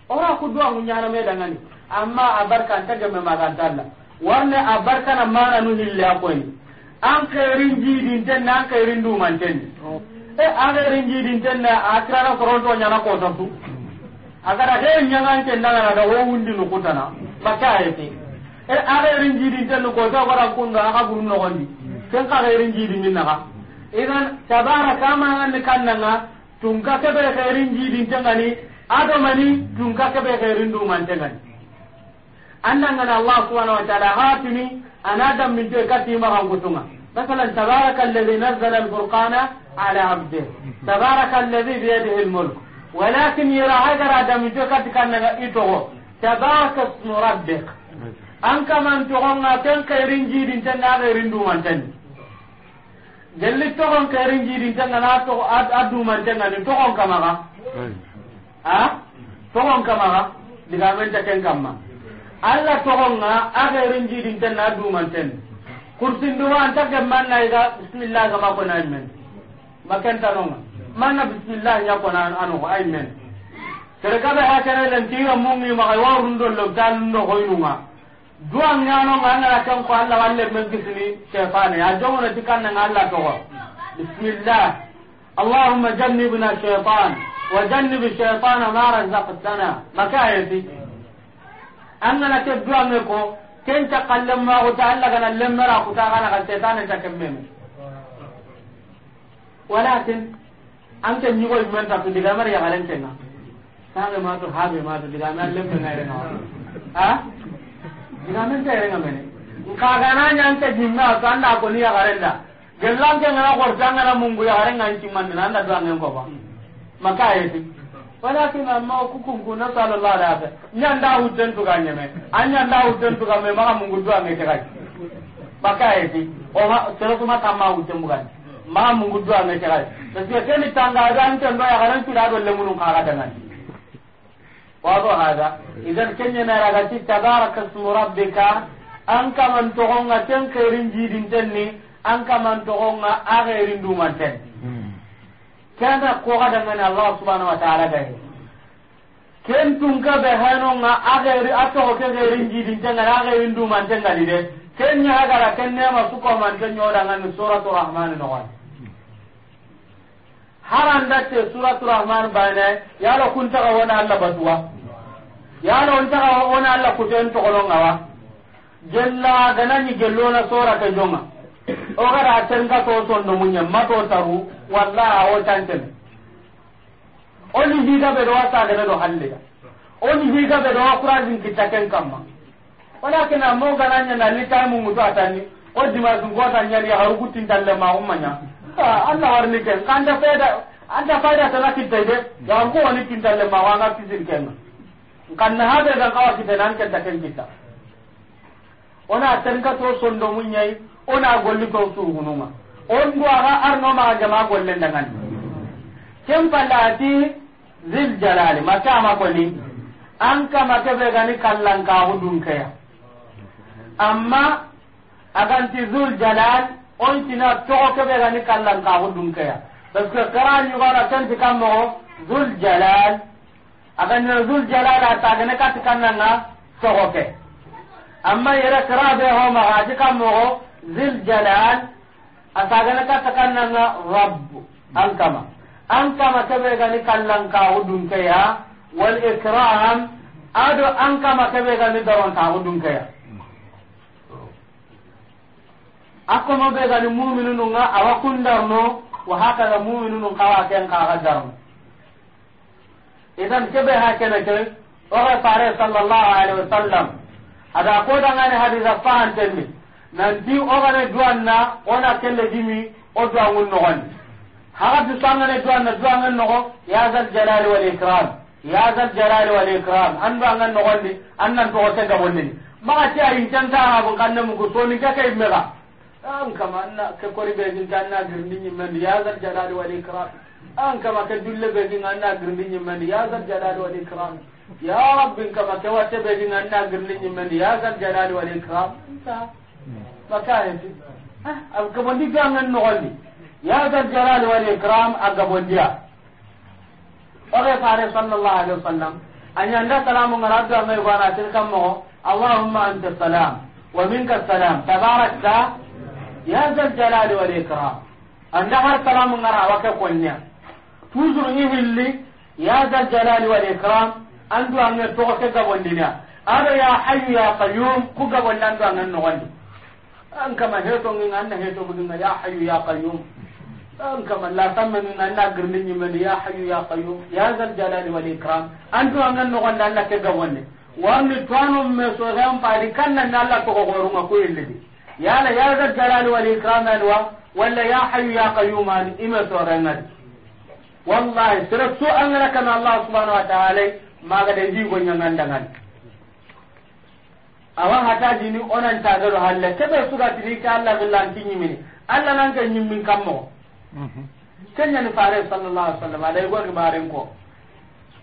ora ku me da ngani amma abarka antageme magantalla warne abarkana mananu hilla ko ni an kerin jidintenni an kerin dumantenni e agerin jidin tenne a kirana koronto ñana kosantu agada he ñaganke ndaganaga wo wundinu kutana bakke ayete e agerin jidin tenne kosa wara kundo aga guru nogondi ken kagerin jidindi naga idan tabaraka maganni kannanga tunka keɓe herin jidintengani adomani tunka keɓe herin dumantengani annangana allah subhanau wa taala hatini ana damminte katimaxankutunga masalan tabaraka alladi nazala alfurqana على عبده تبارك الذي بيده الملك ولكن يرى هجر دم جكت كان إتوه تبارك اسم ربك أنك من تغنى كن كيرين جيد تنا غيرين دو من تن جل تغن كيرين جيد تنا لا تغ أدو من تن أن تغن كما غا ها تغن كما غا دعامن تكن كما الله تغنى أغيرين جيد تنا أدو من تن kursin duwa an ta gamman na ga bismillah ga ma ko na men makentanonga manna bismillah ñakona anoxo ay men serekaɓe ha kerelen tiga mungi maxay warundo lobtalundo hoynunga duwan ñanonga angana ken ko allah walle men gisini chefane a jongonoti kannanga allah toxo bismillah allahuma jannibna cheitan wa jannibi cheitana ma razaqtana makayeti angana ke duwange ko ken cakkallemmaxuta allah gana lemmera kuta xana xa cheitane cakemmeme walakin an ken ñigoy men tappi digamar yagaren kenga ma mato haɓe mato digame an lemmenga yerengawa a digamen ta yerenga mene na an ke jimmewa to anda koni yagarenda gellankengana gortangana mungu yagarenga an na, anda do angen koba maka ayeti walakin amma kukungu na sallallahu alaihi wasallam nyanda hudden to ganye me anyanda hudden to game maka mungu do angen kegaj maka ayeti o ma sero kuma kamma hudden bugan ma mungu dua me kay parce que ken tanga dan tan do ya garan su da do le munun ka ga dangan wa do hada idan ne na raga ti tabaraka ismu rabbika an kaman to gonga ten kairin jidin ten ni an kaman to gonga a kairin du man ten hmm. kana ko ga dangan allah subhanahu wa ta'ala da ken tun ka be hano nga a kairi a to ke kairin jidin ten na kairin du man ten ga ni de ken nya ga ra ken ne ma su ko man ten yo dangan suratul rahman no harandatte suratu rahman bane yala kuntaxa wona allah batuwa yala ontaxa wona allah kuten toxonongawa gella ganani gellona sorake jonga ogara tenga to sondo munya mato taru wallahi o tanten oni higa be do wasa gane do halle oni higa be do akura din kitaken kamma walakin amma gananya na litaimu mutu atani o dimazu ngota nyani harugutin dalle ma ummanya Allah warni ken kanda feda anda fayda tana kitta de ya ko wani kinta le ma wanga kisin ken kan na habe da kawa kitta nan ken ta ken kitta ona tanka to sondo munyai ona golli ko su hunuma on do aga arno ma jama golle ndangan kem palati zil jalali ta ma ko ni an kama ke be gani kallan ka hudun kaya amma aganti zul jalal on tina togo kebe gani kallan kaxu dunkeya parce que kara ñugona kenti kam moxo zul jalal aganina zul jalal a tagane kati kannanga togo ke amma yere kara be ho maxa ati kam moxo zil jalal a tagane kati kannanga rabb an kama an kama kebe gani kallan kaxu dunkeya wal ikram ado an kama kebe gani daron kaxu dunkeya akono be gani mu'minunu nga awa kundarno wa hakaza mu'minunu kawa ken kaga darno idan kebe ha kene ke o ga pare sallallahu alaihi wasallam ada ko da dangane hadisa fahan nan nanti o ga ne duanna ona kelle dimi o duangun no gani haga du sangane duanna duangan no go ya zal jalal wal ikram ya zal jalal wal ikram an duangan no an nan to ko tega bonni ma ta ayin tanta ha bu kanne mu ko soni ka me mega an kama na ke kori be din tan na girndi nyimmen ya zal jalali wal ikram an kama ke dulle be din an na girndi nyimmen ya zal jalali wal ikram ya rabbi kama ke wate be din an na girndi nyimmen ya zal jalali wal ikram ta makane ti ah ab kama ndi gangan no golli ya zal jalali wal ikram aga bondia oge fare sallallahu alaihi wasallam anya nda salamu ngaradu amay gwana tin kammo allahumma anta salam wa minka salam tabarakta ya zal jalali wal an da har salamu ngara wake konya tuzur ihilli ya zal jalali wal an andu ne to ke gabondina ada ya hayyu ya qayyum ku gabonda andu ange no gondi an kama he to heto ngi anna heto buginga ya hayyu ya qayyum an kama la nan na girmin ni men ya hayyu ya qayyum ya zal jalali wal ikram andu ange no gondi Allah ke gabonde wanni tuanu meso hem pari kanna nalla to ko gorunga ko yelledi yala ya zal jalali wal ikram alwa walla ya hayyu ya qayyum an ima sorangal wallahi sira su an ngana kana allah subhanahu wa ta'ala maga de ji gonya ngandangan awa hata jini onan tagaro halle kebe suga tini ka allah billan tinyimini allah nan ka nyimmin kammo kenya ni fare sallallahu alaihi wasallam alai go gibaren ko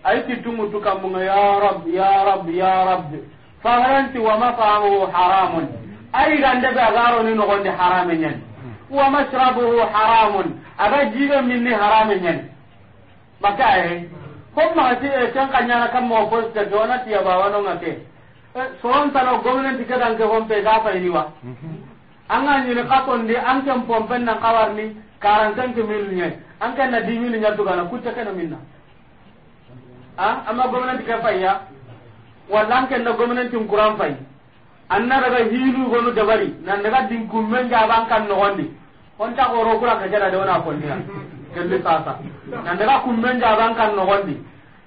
ay titungu tukamunga ya rab ya rab ya rab wa haramun ari gande be agaro ni nogonde harame nyen hmm. wa mashrabuhu haramun aga jibe minni harame nyen maka e hmm. kom ma ti e tan kanyana kam mo fos de dona ti abawa no ngate soron tano gomnati kadan ke hompe ga fa ni wa hmm. anga ni ne katon di an kan pompen nan kawarni 45 mil nyen an kan na 10 mil nyen to kana kutta kana minna a amma gomnati ka fayya walla an kan na gomnati kuran fayya anna daga hilu gonu dabari nan daga din gummen ga ban kan no gondi on ta ko rokura ka jara da wana konni kelle sasa nan daga kummen ga ban kan no gondi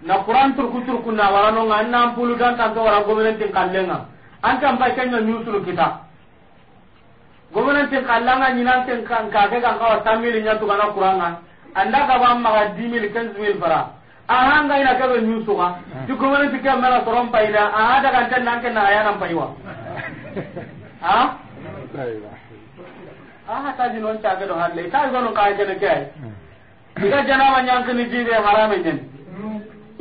na qur'an tur kutur kunna warano ngan nan pulu dan kan to wala wara tin kallenga an kan ba no nyusul kita tin kallanga ni nan tin kan ka ga kan kawa tamili nyatu kana qur'anga anda ka ban ma maga kan 15000 fara ahanga ina kabe nyusuka ti hmm. gomenentin kan mara toron paida aha kan tan nan kan na ayanan paiwa ha aha ta ji non ta ga do halle ta ga non ka ga ne kai iga janaba ñankini jibe harame ñani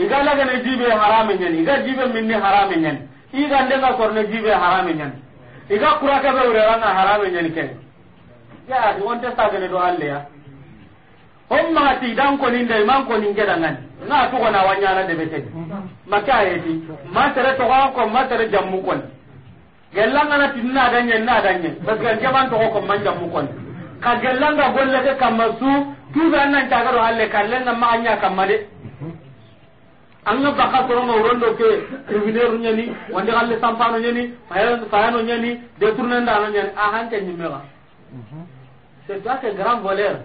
iga lagene jibe harame ñani iga jibe minni harame ñani iga ndenga korne jibe harame ñani iga kurakebe wureranga harame ñani ke yaati wonte sagene do halleya hom magati idan koni ndey man koni ngedangani na tugona wañana deɓe tedi make a yeeti ma sere togoa kon ma sere jammu koni gellangana na ganye na ganye parce que jaban to ko man jamu kon ka gellanga golle ke kamasu tuga nan ta garo halle kallen na ma anya kamade an ga baka toro ma urondo ke criminel nyani wande halle sampano nyani fayan fayano nyani de tournen da no nyani a ah, hanke nyimera c'est toi que grand voleur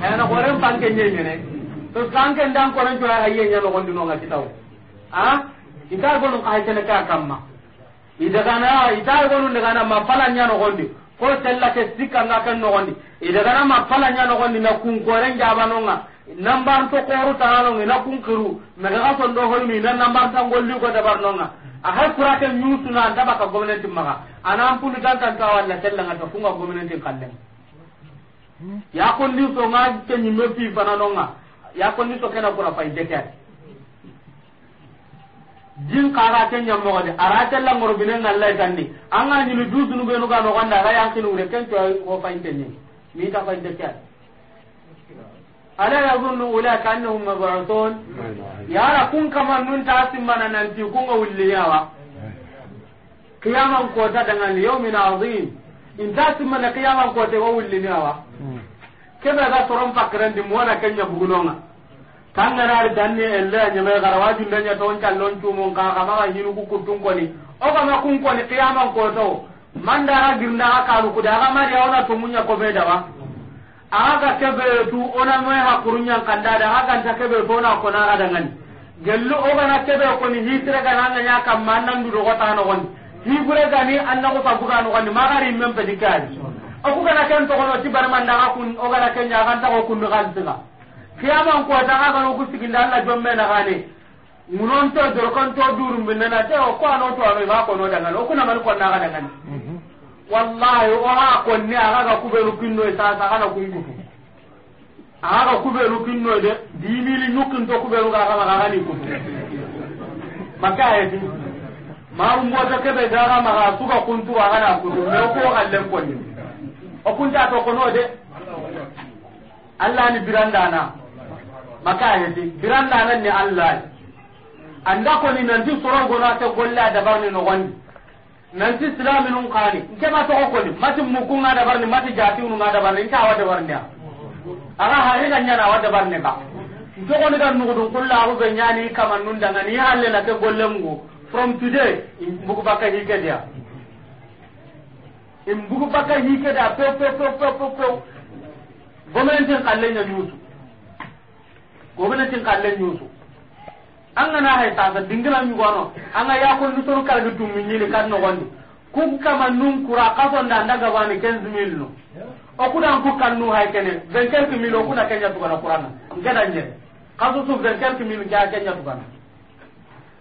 ayana gore panke nyene ne to kanke ndan ko ran to ayye nyalo gondino ngati taw ha ah? ikar gonu ka haytene ka kamma idagana itagonu ndagana mapala nya nogondi ko sella ke sikka nga kan nogondi idagana mapala nya nogondi na kun kunkore njabanonga nambar to koru tanano na kun kunkiru mega ka sondo hoyni na nambar ta golli ko dabarnonga a hay kurake ñuutu na anta ka gomnati maga anan punu tan tan tawalla sella nga to funga gomnati kallen ya kondi so nga ke nyimme fi fananonga ya kondi so kena kura fay dekat jin kara ken nyam mo de ara tella ngoro binen na lay tanni anga ni lu du dunu benu ga no ganda ga yakin ure ken to ko fain tenni mi ta fain de kya ala yazunnu ulaka annahum mab'uthun ya ra kun kama nun ta simmana nan ti kun ga wulliyawa qiyaman ko ta dangan yawmin azim in ta simmana qiyaman ko ta wulliyawa hmm. kebe ga toron pakran di na kenya bugunonga kanganari danni elleya ñeme gara wajundenya ton callon cumon ka kamaga hinu ku kuttun koni ogama kun koni qiyaman koto mandara girndaga kalukude aga mari ona tumuña kome dawa aga ga keɓeetu ona noe hakuruñan kandade aga ganta keɓeetu ona konaga dangani gellu ogana keɓe koni hitire ganangaña kamma annanduɗogota nogoni higure gani annagusabuga nogoni magari men pedikari okugana ken togonoti barmandaga kun ogana kenñagantago kundu gansiga kiyaman ko ta ga no kusigi da Allah jomme na gane munon to dor kon to durum min na te ko ano to abe ba ko no daga no kuna man ko na ga daga wallahi o ha ko ne aga ga kuberu kinno sa sa kana kun kutu aga ga kuberu kinno de di mili nukin to kuberu ga ga ga ni kutu maka ayati maru mo ke be ga ga ma su ga kun tu aga na kutu me ko ga lem ko ni o kun ta to ko no de Allah ni biranda na maka yeti biranda nan ni allah anda ko ni nan ti soro go na ta golla da bar ni no gon nan ti islamin un qani ke ma to ko ni mati ku na da bar ni mati jati un na da bar ni ta wa da bar ni aga ha ni ya na wa da bar ni ba to ko ni kan nugo dun kullahu be nyani kaman nun daga ni halle na te gollem go from today in bu bugu baka ke dia in bu bugu baka ke da pe pe pe pe pe gomentin kalle ya yutu gobene tin kalle nyusu anga na hay sasa dingira mi gono anga ya ko ni toru kala dum mi ni kan no gondi ku kama nun kura ka to nda nda ga bani 15 mil no o ku dan ku kan nu hay kene 25 mil o ku da kenya tu kana qur'ana ngada nje ka so su 25 mil ga kenya tu kana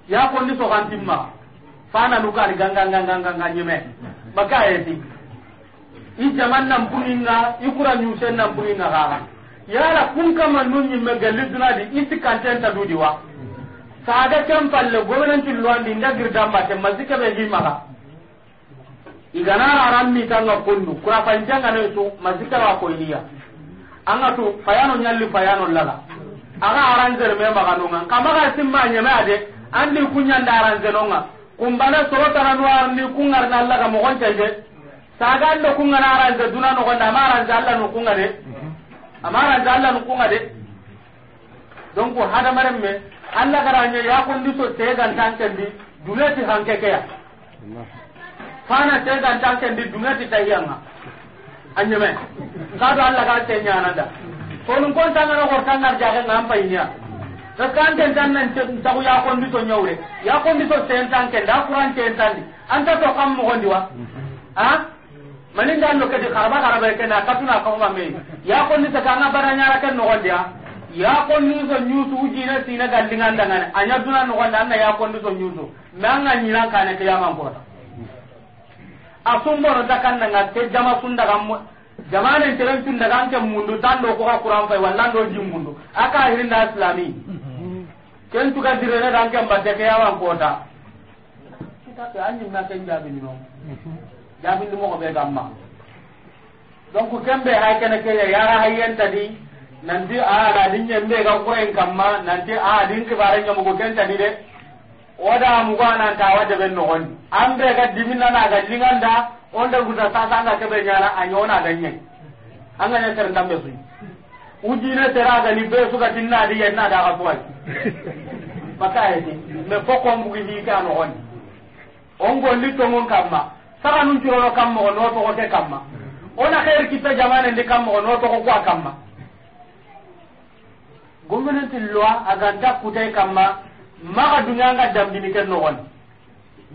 ya ko ni to kan timma fana lu ka ganga ganga ganga nyime baka yeti i jaman nan puninga i kura nyusen nan puninga kaka yala kun kama nun ñimme gelli dunadi ta du di wa saga ken palle gomnanti luwandi nda girdambate masi keɓe himaga iganara aran kura mitanga kondu kurafancangane su masi keɓa koyniya anga tu fayano ñalli fayano laga aga aranzer me ma maganunga kamaga simma ñeme ade andi kuñanda aranzenonga kumbana sorotananoarni kungarna allaga mogoncayde saga ando kungana aranze duna nogonda ama aranze allah kungare. ran da Allah nu kunga don donc hada maran me Allah garanya ya kun diso te gan tan tan di dunati hanke ke ya fana te gan tan tan di anya tayanga ka kado Allah ka te nan da ko nun kon tan na ko tan na jaga ngam painya to kan tan tan nan ta ku ya kundi so nyawre ya kun diso te tan tan da kuran te tan di anta to kam mo gondi wa ha manin ta loke di karaba karaba ke na katuna ka ma me ya ko ni ta kana baranya ra ken no gondia ya ko ni so nyusu uji na sina gandingan dangan anya duna no gonda na ya ko ni so nyusu nanga nyina ka ne ya man ko ta asumbo no takan na ngate jama sunda gammo jamanen teren tun daga anke mundu tando ko ka kuran fay wallando jim mundu aka hirinda islami ken tuka direne danke mbate ke ya man ko ta kita ke anjing na ken jabi ni no jabindi mogo be gamma donc kembe hay kene ya yara hayyenta di nanti a na din nyembe ga kuren kamma nanti a din kibare nyamu go kenta di de oda mu ga nan ta wada ben no on ambe ga dimina na ga linganda onda guda sa sa ga kebe nyana anyona ga nyen anga ne ter ndambe su ujine tera ga ni be su ga tinna di yenna da ga tuwai maka yedi me pokon bugi ni ka no on on golli to mon kamma saka nun curono kam mogo no togo ke kamma ona xeer kitta jamanendi kam mogo no togo kuwa kamma gomenenti loa aganta kutay kamma maxa dunganga dambini ken noxoni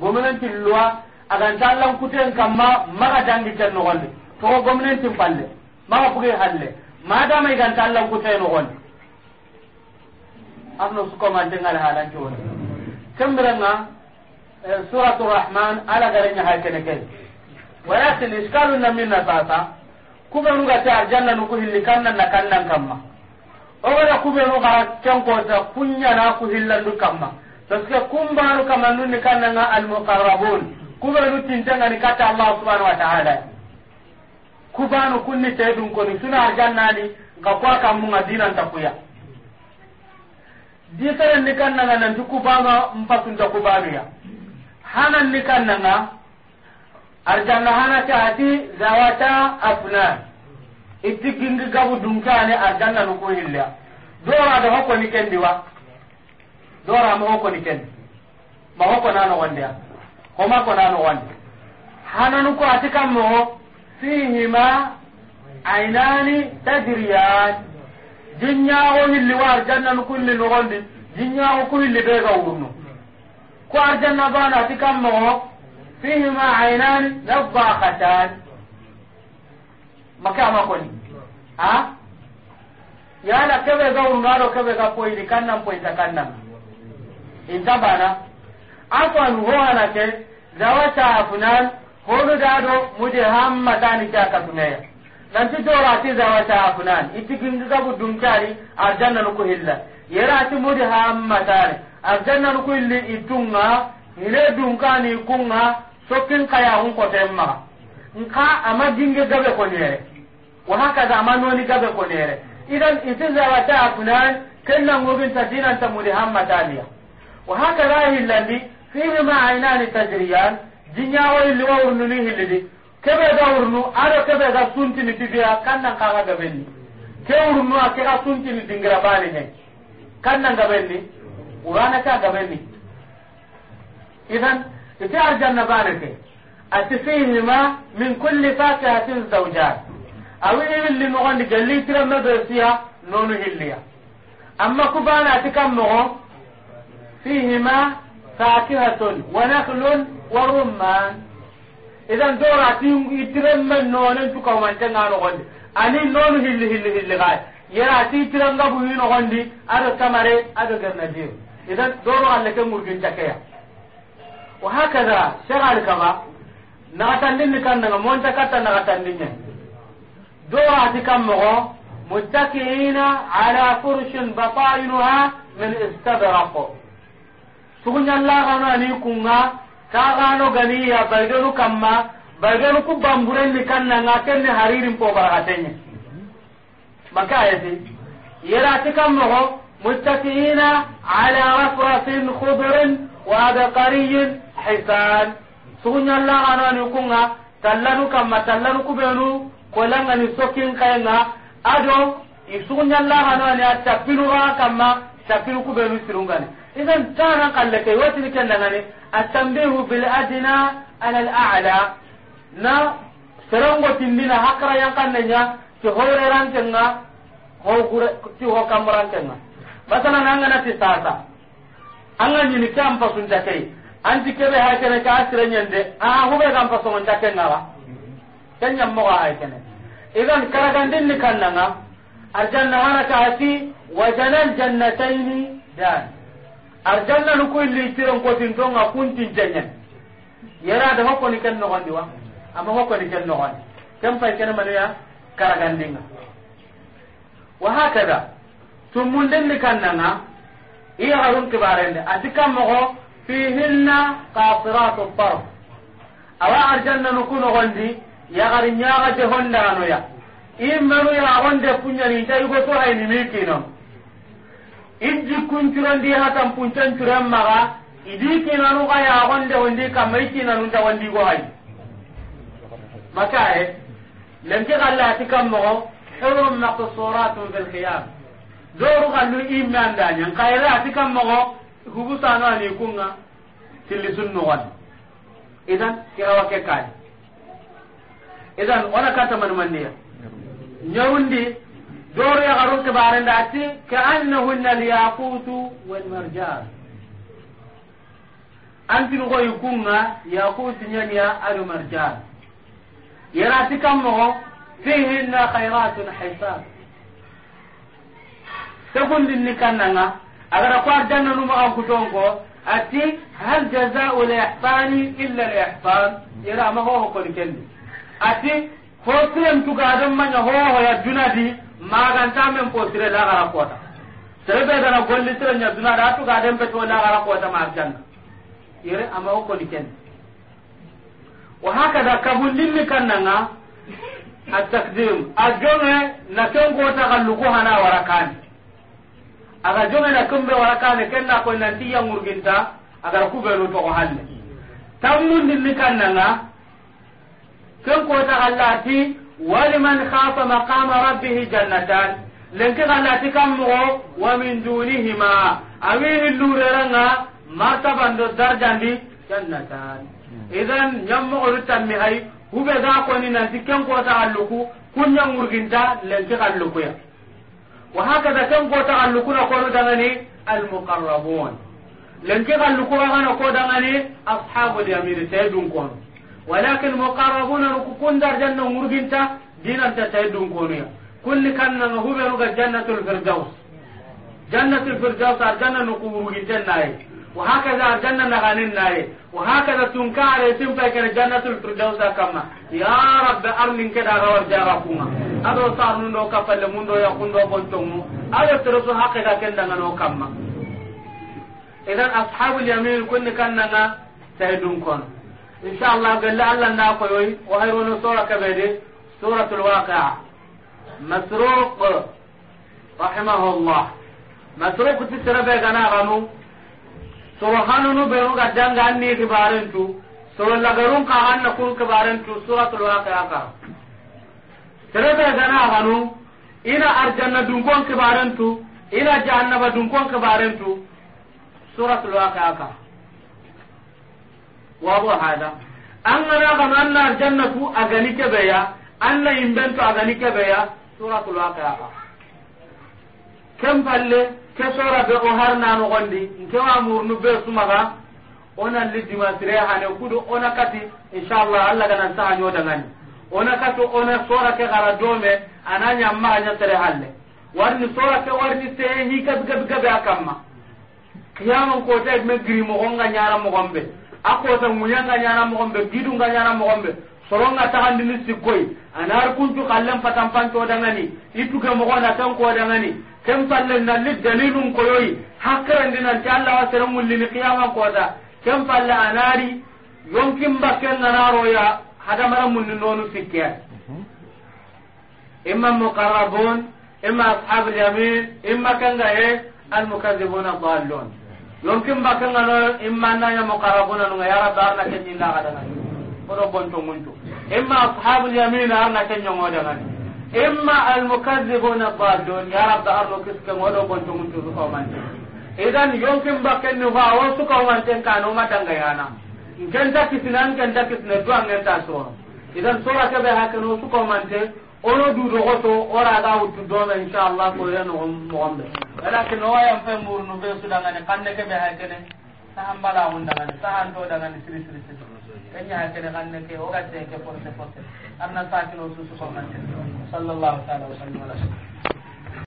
gomenenti loa aganta allan kuten kamma maxa dangi ken noxondi togo gomenentin palle maxa pugi halle madama iganta allan kutay e noxondi arno sukomantengal halanconi kembirenga سورة الرحمن على غيرنا هاي كنكين ولكن إشكالنا منا ساسا كبنو غتا الجنة نكوه اللي كان نكنا كما ogada kubenu gara kenkota kunyana ku hillandu kamma parce que kumbanu kamandunni kannanga almuqarrabun kubenu tintengani katta allah subhanahu wa taala kubanu kunni tedun koni suna arjannani ka kuwa kammunga dinanta kuya diserenni kannanga nanti kubanga mpasunta kubanuya hanan ni kannanga arjanna hanata ati zawata afnan itti gingi gabu dunkane arjanna nuku hilla dora da hokko ni kendi wa dora ma hokko ni kendi ma hokko na no wande ko ma ko na no wande hananu ko ati kammo fihima aynani tajriyan jinyawo hilli wa arjanna nuku hilli no wande jinyawo ku hilli be ga wurnu ko arjanna bana ti kam mo fihima aynan nabaqatan maka ma koni ha yala kebe ga ungaro kebe ga poi di kannan poi ta kannan inta bana afan ho ana ke zawata afunan da do muje hamma tani ta katuneya nanti dora ti zawata afunan itikin ga budun kari arjanna ko hilla yara ti muje hamma tani arjanna nu kulli idunga ine dunga ni kunga sokin kaya hun ko temma nka ama dinge gabe ko nere wa haka da ama noni gabe ko nere idan itiza wa ta kunan kenna ngogin ta dinan ta mudi hamma taliya wa haka rahi lalli fihi ma ainani tajriyan jinya wa illi wa urnu ni hilidi kebe ga urnu ado kebe ga sunti ni tibiya kannan kaga ni ke urnu a ke ga sunti ni dingira bani ne kannan ni. قرآن كاغبني إذا في أرجان بارك أتفيهما من كل فاكهة زوجات أو إيه اللي نغن جلي ترى ما بيرسيا نونه اللي أما كبانا أتكام مغن فيهما فاكهة ونخل ورمان إذا دورا تيم يترى ما نونه تكام وانجان نغن أني نونه اللي اللي اللي غاي يرى تيترى ما بيرسيا نغن دي أدو كماري أدو idan doro alle ke murgin takaya wa hakaza shagal kaba na tandin ni kan daga mon takata na tandin ne doro ati kam mo muttaqina ala furshin batainuha min istabraq sugunya la gano ni kunga ta gano gani ya baydonu kamma baydonu ku bamburen ni kan na ngaten ni haririn po baragatenya maka ayati yera ati kan mo متكئين على رفرف خضر وعبقري حسان سغنى الله أنا نكونا تلانو كما تلانو كبينو كولانا نسوكين كينا أدو يسغنى الله أنا نتفلوها كما تفلو كبينو سرونغاني إذا كان قال لك يوتي كنغاني التنبيه بالأدنى على الأعلى نا serengo tindina hakra yankanne nya ti hoyre rankenga ho kure ti ho kamrankenga masalan an ganati sasa an ni ni ke an pasunta kei anti keɓe ha kene nyende a ah, sireñende a huɓe gan pasongonta kengawa ken ñammoxo hay kene idan karagandin ni nga arjanna hana ka ati wajanal jannataini dan arjanna nu koy li tiren to nga kuntin jenyen yera da hokko ni kenno gandi wa amma hokko ni ken nogondi ken pay kene manuya nga wa hakada tummunden ni kannanga i harun kibarende ati kammogo fihinna kasiratu tarf awa arjannanu ku nogondi yagari ñagate hondanoya i menu yagonde kuñani ta igoto mi kino ijji kuncurondi hatan puncancuren maga idi kinanu ga yagonde wondi kamma i kinanunta wondigo hay makae lenke gallati kammogo hurum maksuratun fi lkhiyam doru kallu imme anda nyan kayra ati kam mogo hubu sano ani kunga tilli sunno wan idan kirawa ke kai idan ona kata man manniya nyawundi doru ya garu kibaranda ati ka annahunna al-yaqutu wal marjan antin goyi kunga yaqutu nyanya al marjan yarati kam mogo fihinna khayratun hisab segundin ni kannanga agara ko adanna nu an kuton ko ati hal jazau lihsani illa lihsan yera ma hoho koni kendi ati ho siren tugadon maña hohoya dunadi magantamen po sire lagara kota serebe gana golli sire ña dunadi a tugaden peto lagara kota ma arjanna yere ama ho koni kendi wa hakada kabundinni kannanga التقديم أجمع نكون قوتا قلقوها نا وركاني aga jogena kumbe warakane kenda ko nanti ya murginta aga ku be no to halle tamun din kannanga ken ko ta gallati waliman khafa maqama rabbih jannatan lenke gallati kammo wa min dunihima awi lureranga martaban do darjandi jannatan hmm. idan nyammo olutan mi hay hube za ko ni nanti ken ko ta alluku kunya murginta lenke kalluku ya وهكذا تنقو تغلقنا قولوا دغني المقربون لن تغلقوا غنا قولوا دغني أصحاب اليمين سيدون قولوا ولكن مقربون نكون دار جنة مرغنتا دينا سيدون قولوا كل كان هو جنة الفردوس جنة الفردوس الجنة نكون مرغنتا وهكذا الجنة نغانين ناي وهكذا تنكار يتم فكر جنة الفردوس كما يا رب أرنين كده غور جاركوما أدو صار نندو كفل يقون دو بنتمو أدو ترسو حقيقة كندا نو كما إذا أصحاب اليمين كن كننا سيدون كون إن شاء الله قال الله ناقوي وهيرون سورة كبيرة سورة الواقعة مسروق رحمه الله مسروق تسربي غنا غنو soro hanunu benu danga anni kibarentu soro lagarun ka hanna kun kibarentu suratul waqi'a ka terebe gana hanu ina arjanna dunkon kibarentu ina jahannaba dunkon kibarentu suratul waqi'a ka wabo hada an gana gana anna arjanna ku agani kebeya anna imbento agani kebeya suratul waqi'a ka kem palle ke sora be o har na no gondi nke wa murnu be ga. ona liddi ha ne kudu ona kati inshallah Allah gana sa hanyo ngani. ona kato ona sora ke gara dome ananya ma anya sere halle warni sora ke warni te hi gab gab gab akamma kiyamun ko te me giri mo gonga nyara mo gombe ako ta munyanga nyara mo gombe gidu nga nyara mo gombe soronga ni sikoi anar kuncu xallen patampanco itu ga mo gona tan ko dangani ken palle nalli dalilun koyoyi hakkirandi nanti allah wa sere mullini qiyama kota kem palle anari yonkin bakke nganaroya hadamara munni nonu sikkeya imma muqarrabun imma ashab lyamin imma kenga he almukazibuna dallun yonkin bakke imma muqarrabuna nunga ya arna bonto imma ashab arna imma almukazzibuna ad-dallun ya rab da arlo kiske ngodo bonto mun tuzu ko man idan yonkin bakken ni fa wa su ko man ten kanu matanga yana ngen ta kisinan kan ta kisne do angen ta so idan sura ka be hakano su ko man te ono du do goto ora ga wutu do na insha Allah ko ya no mo gombe wala ke no ayam fe murnu be su dangane kanne ke be hakene sahambala undangane sahanto dangane siri siri siri ken ñaa kene xan ne ke oga te ke porte porte an na sakino susu xomnante sallallahu taala wa sallam ala sallam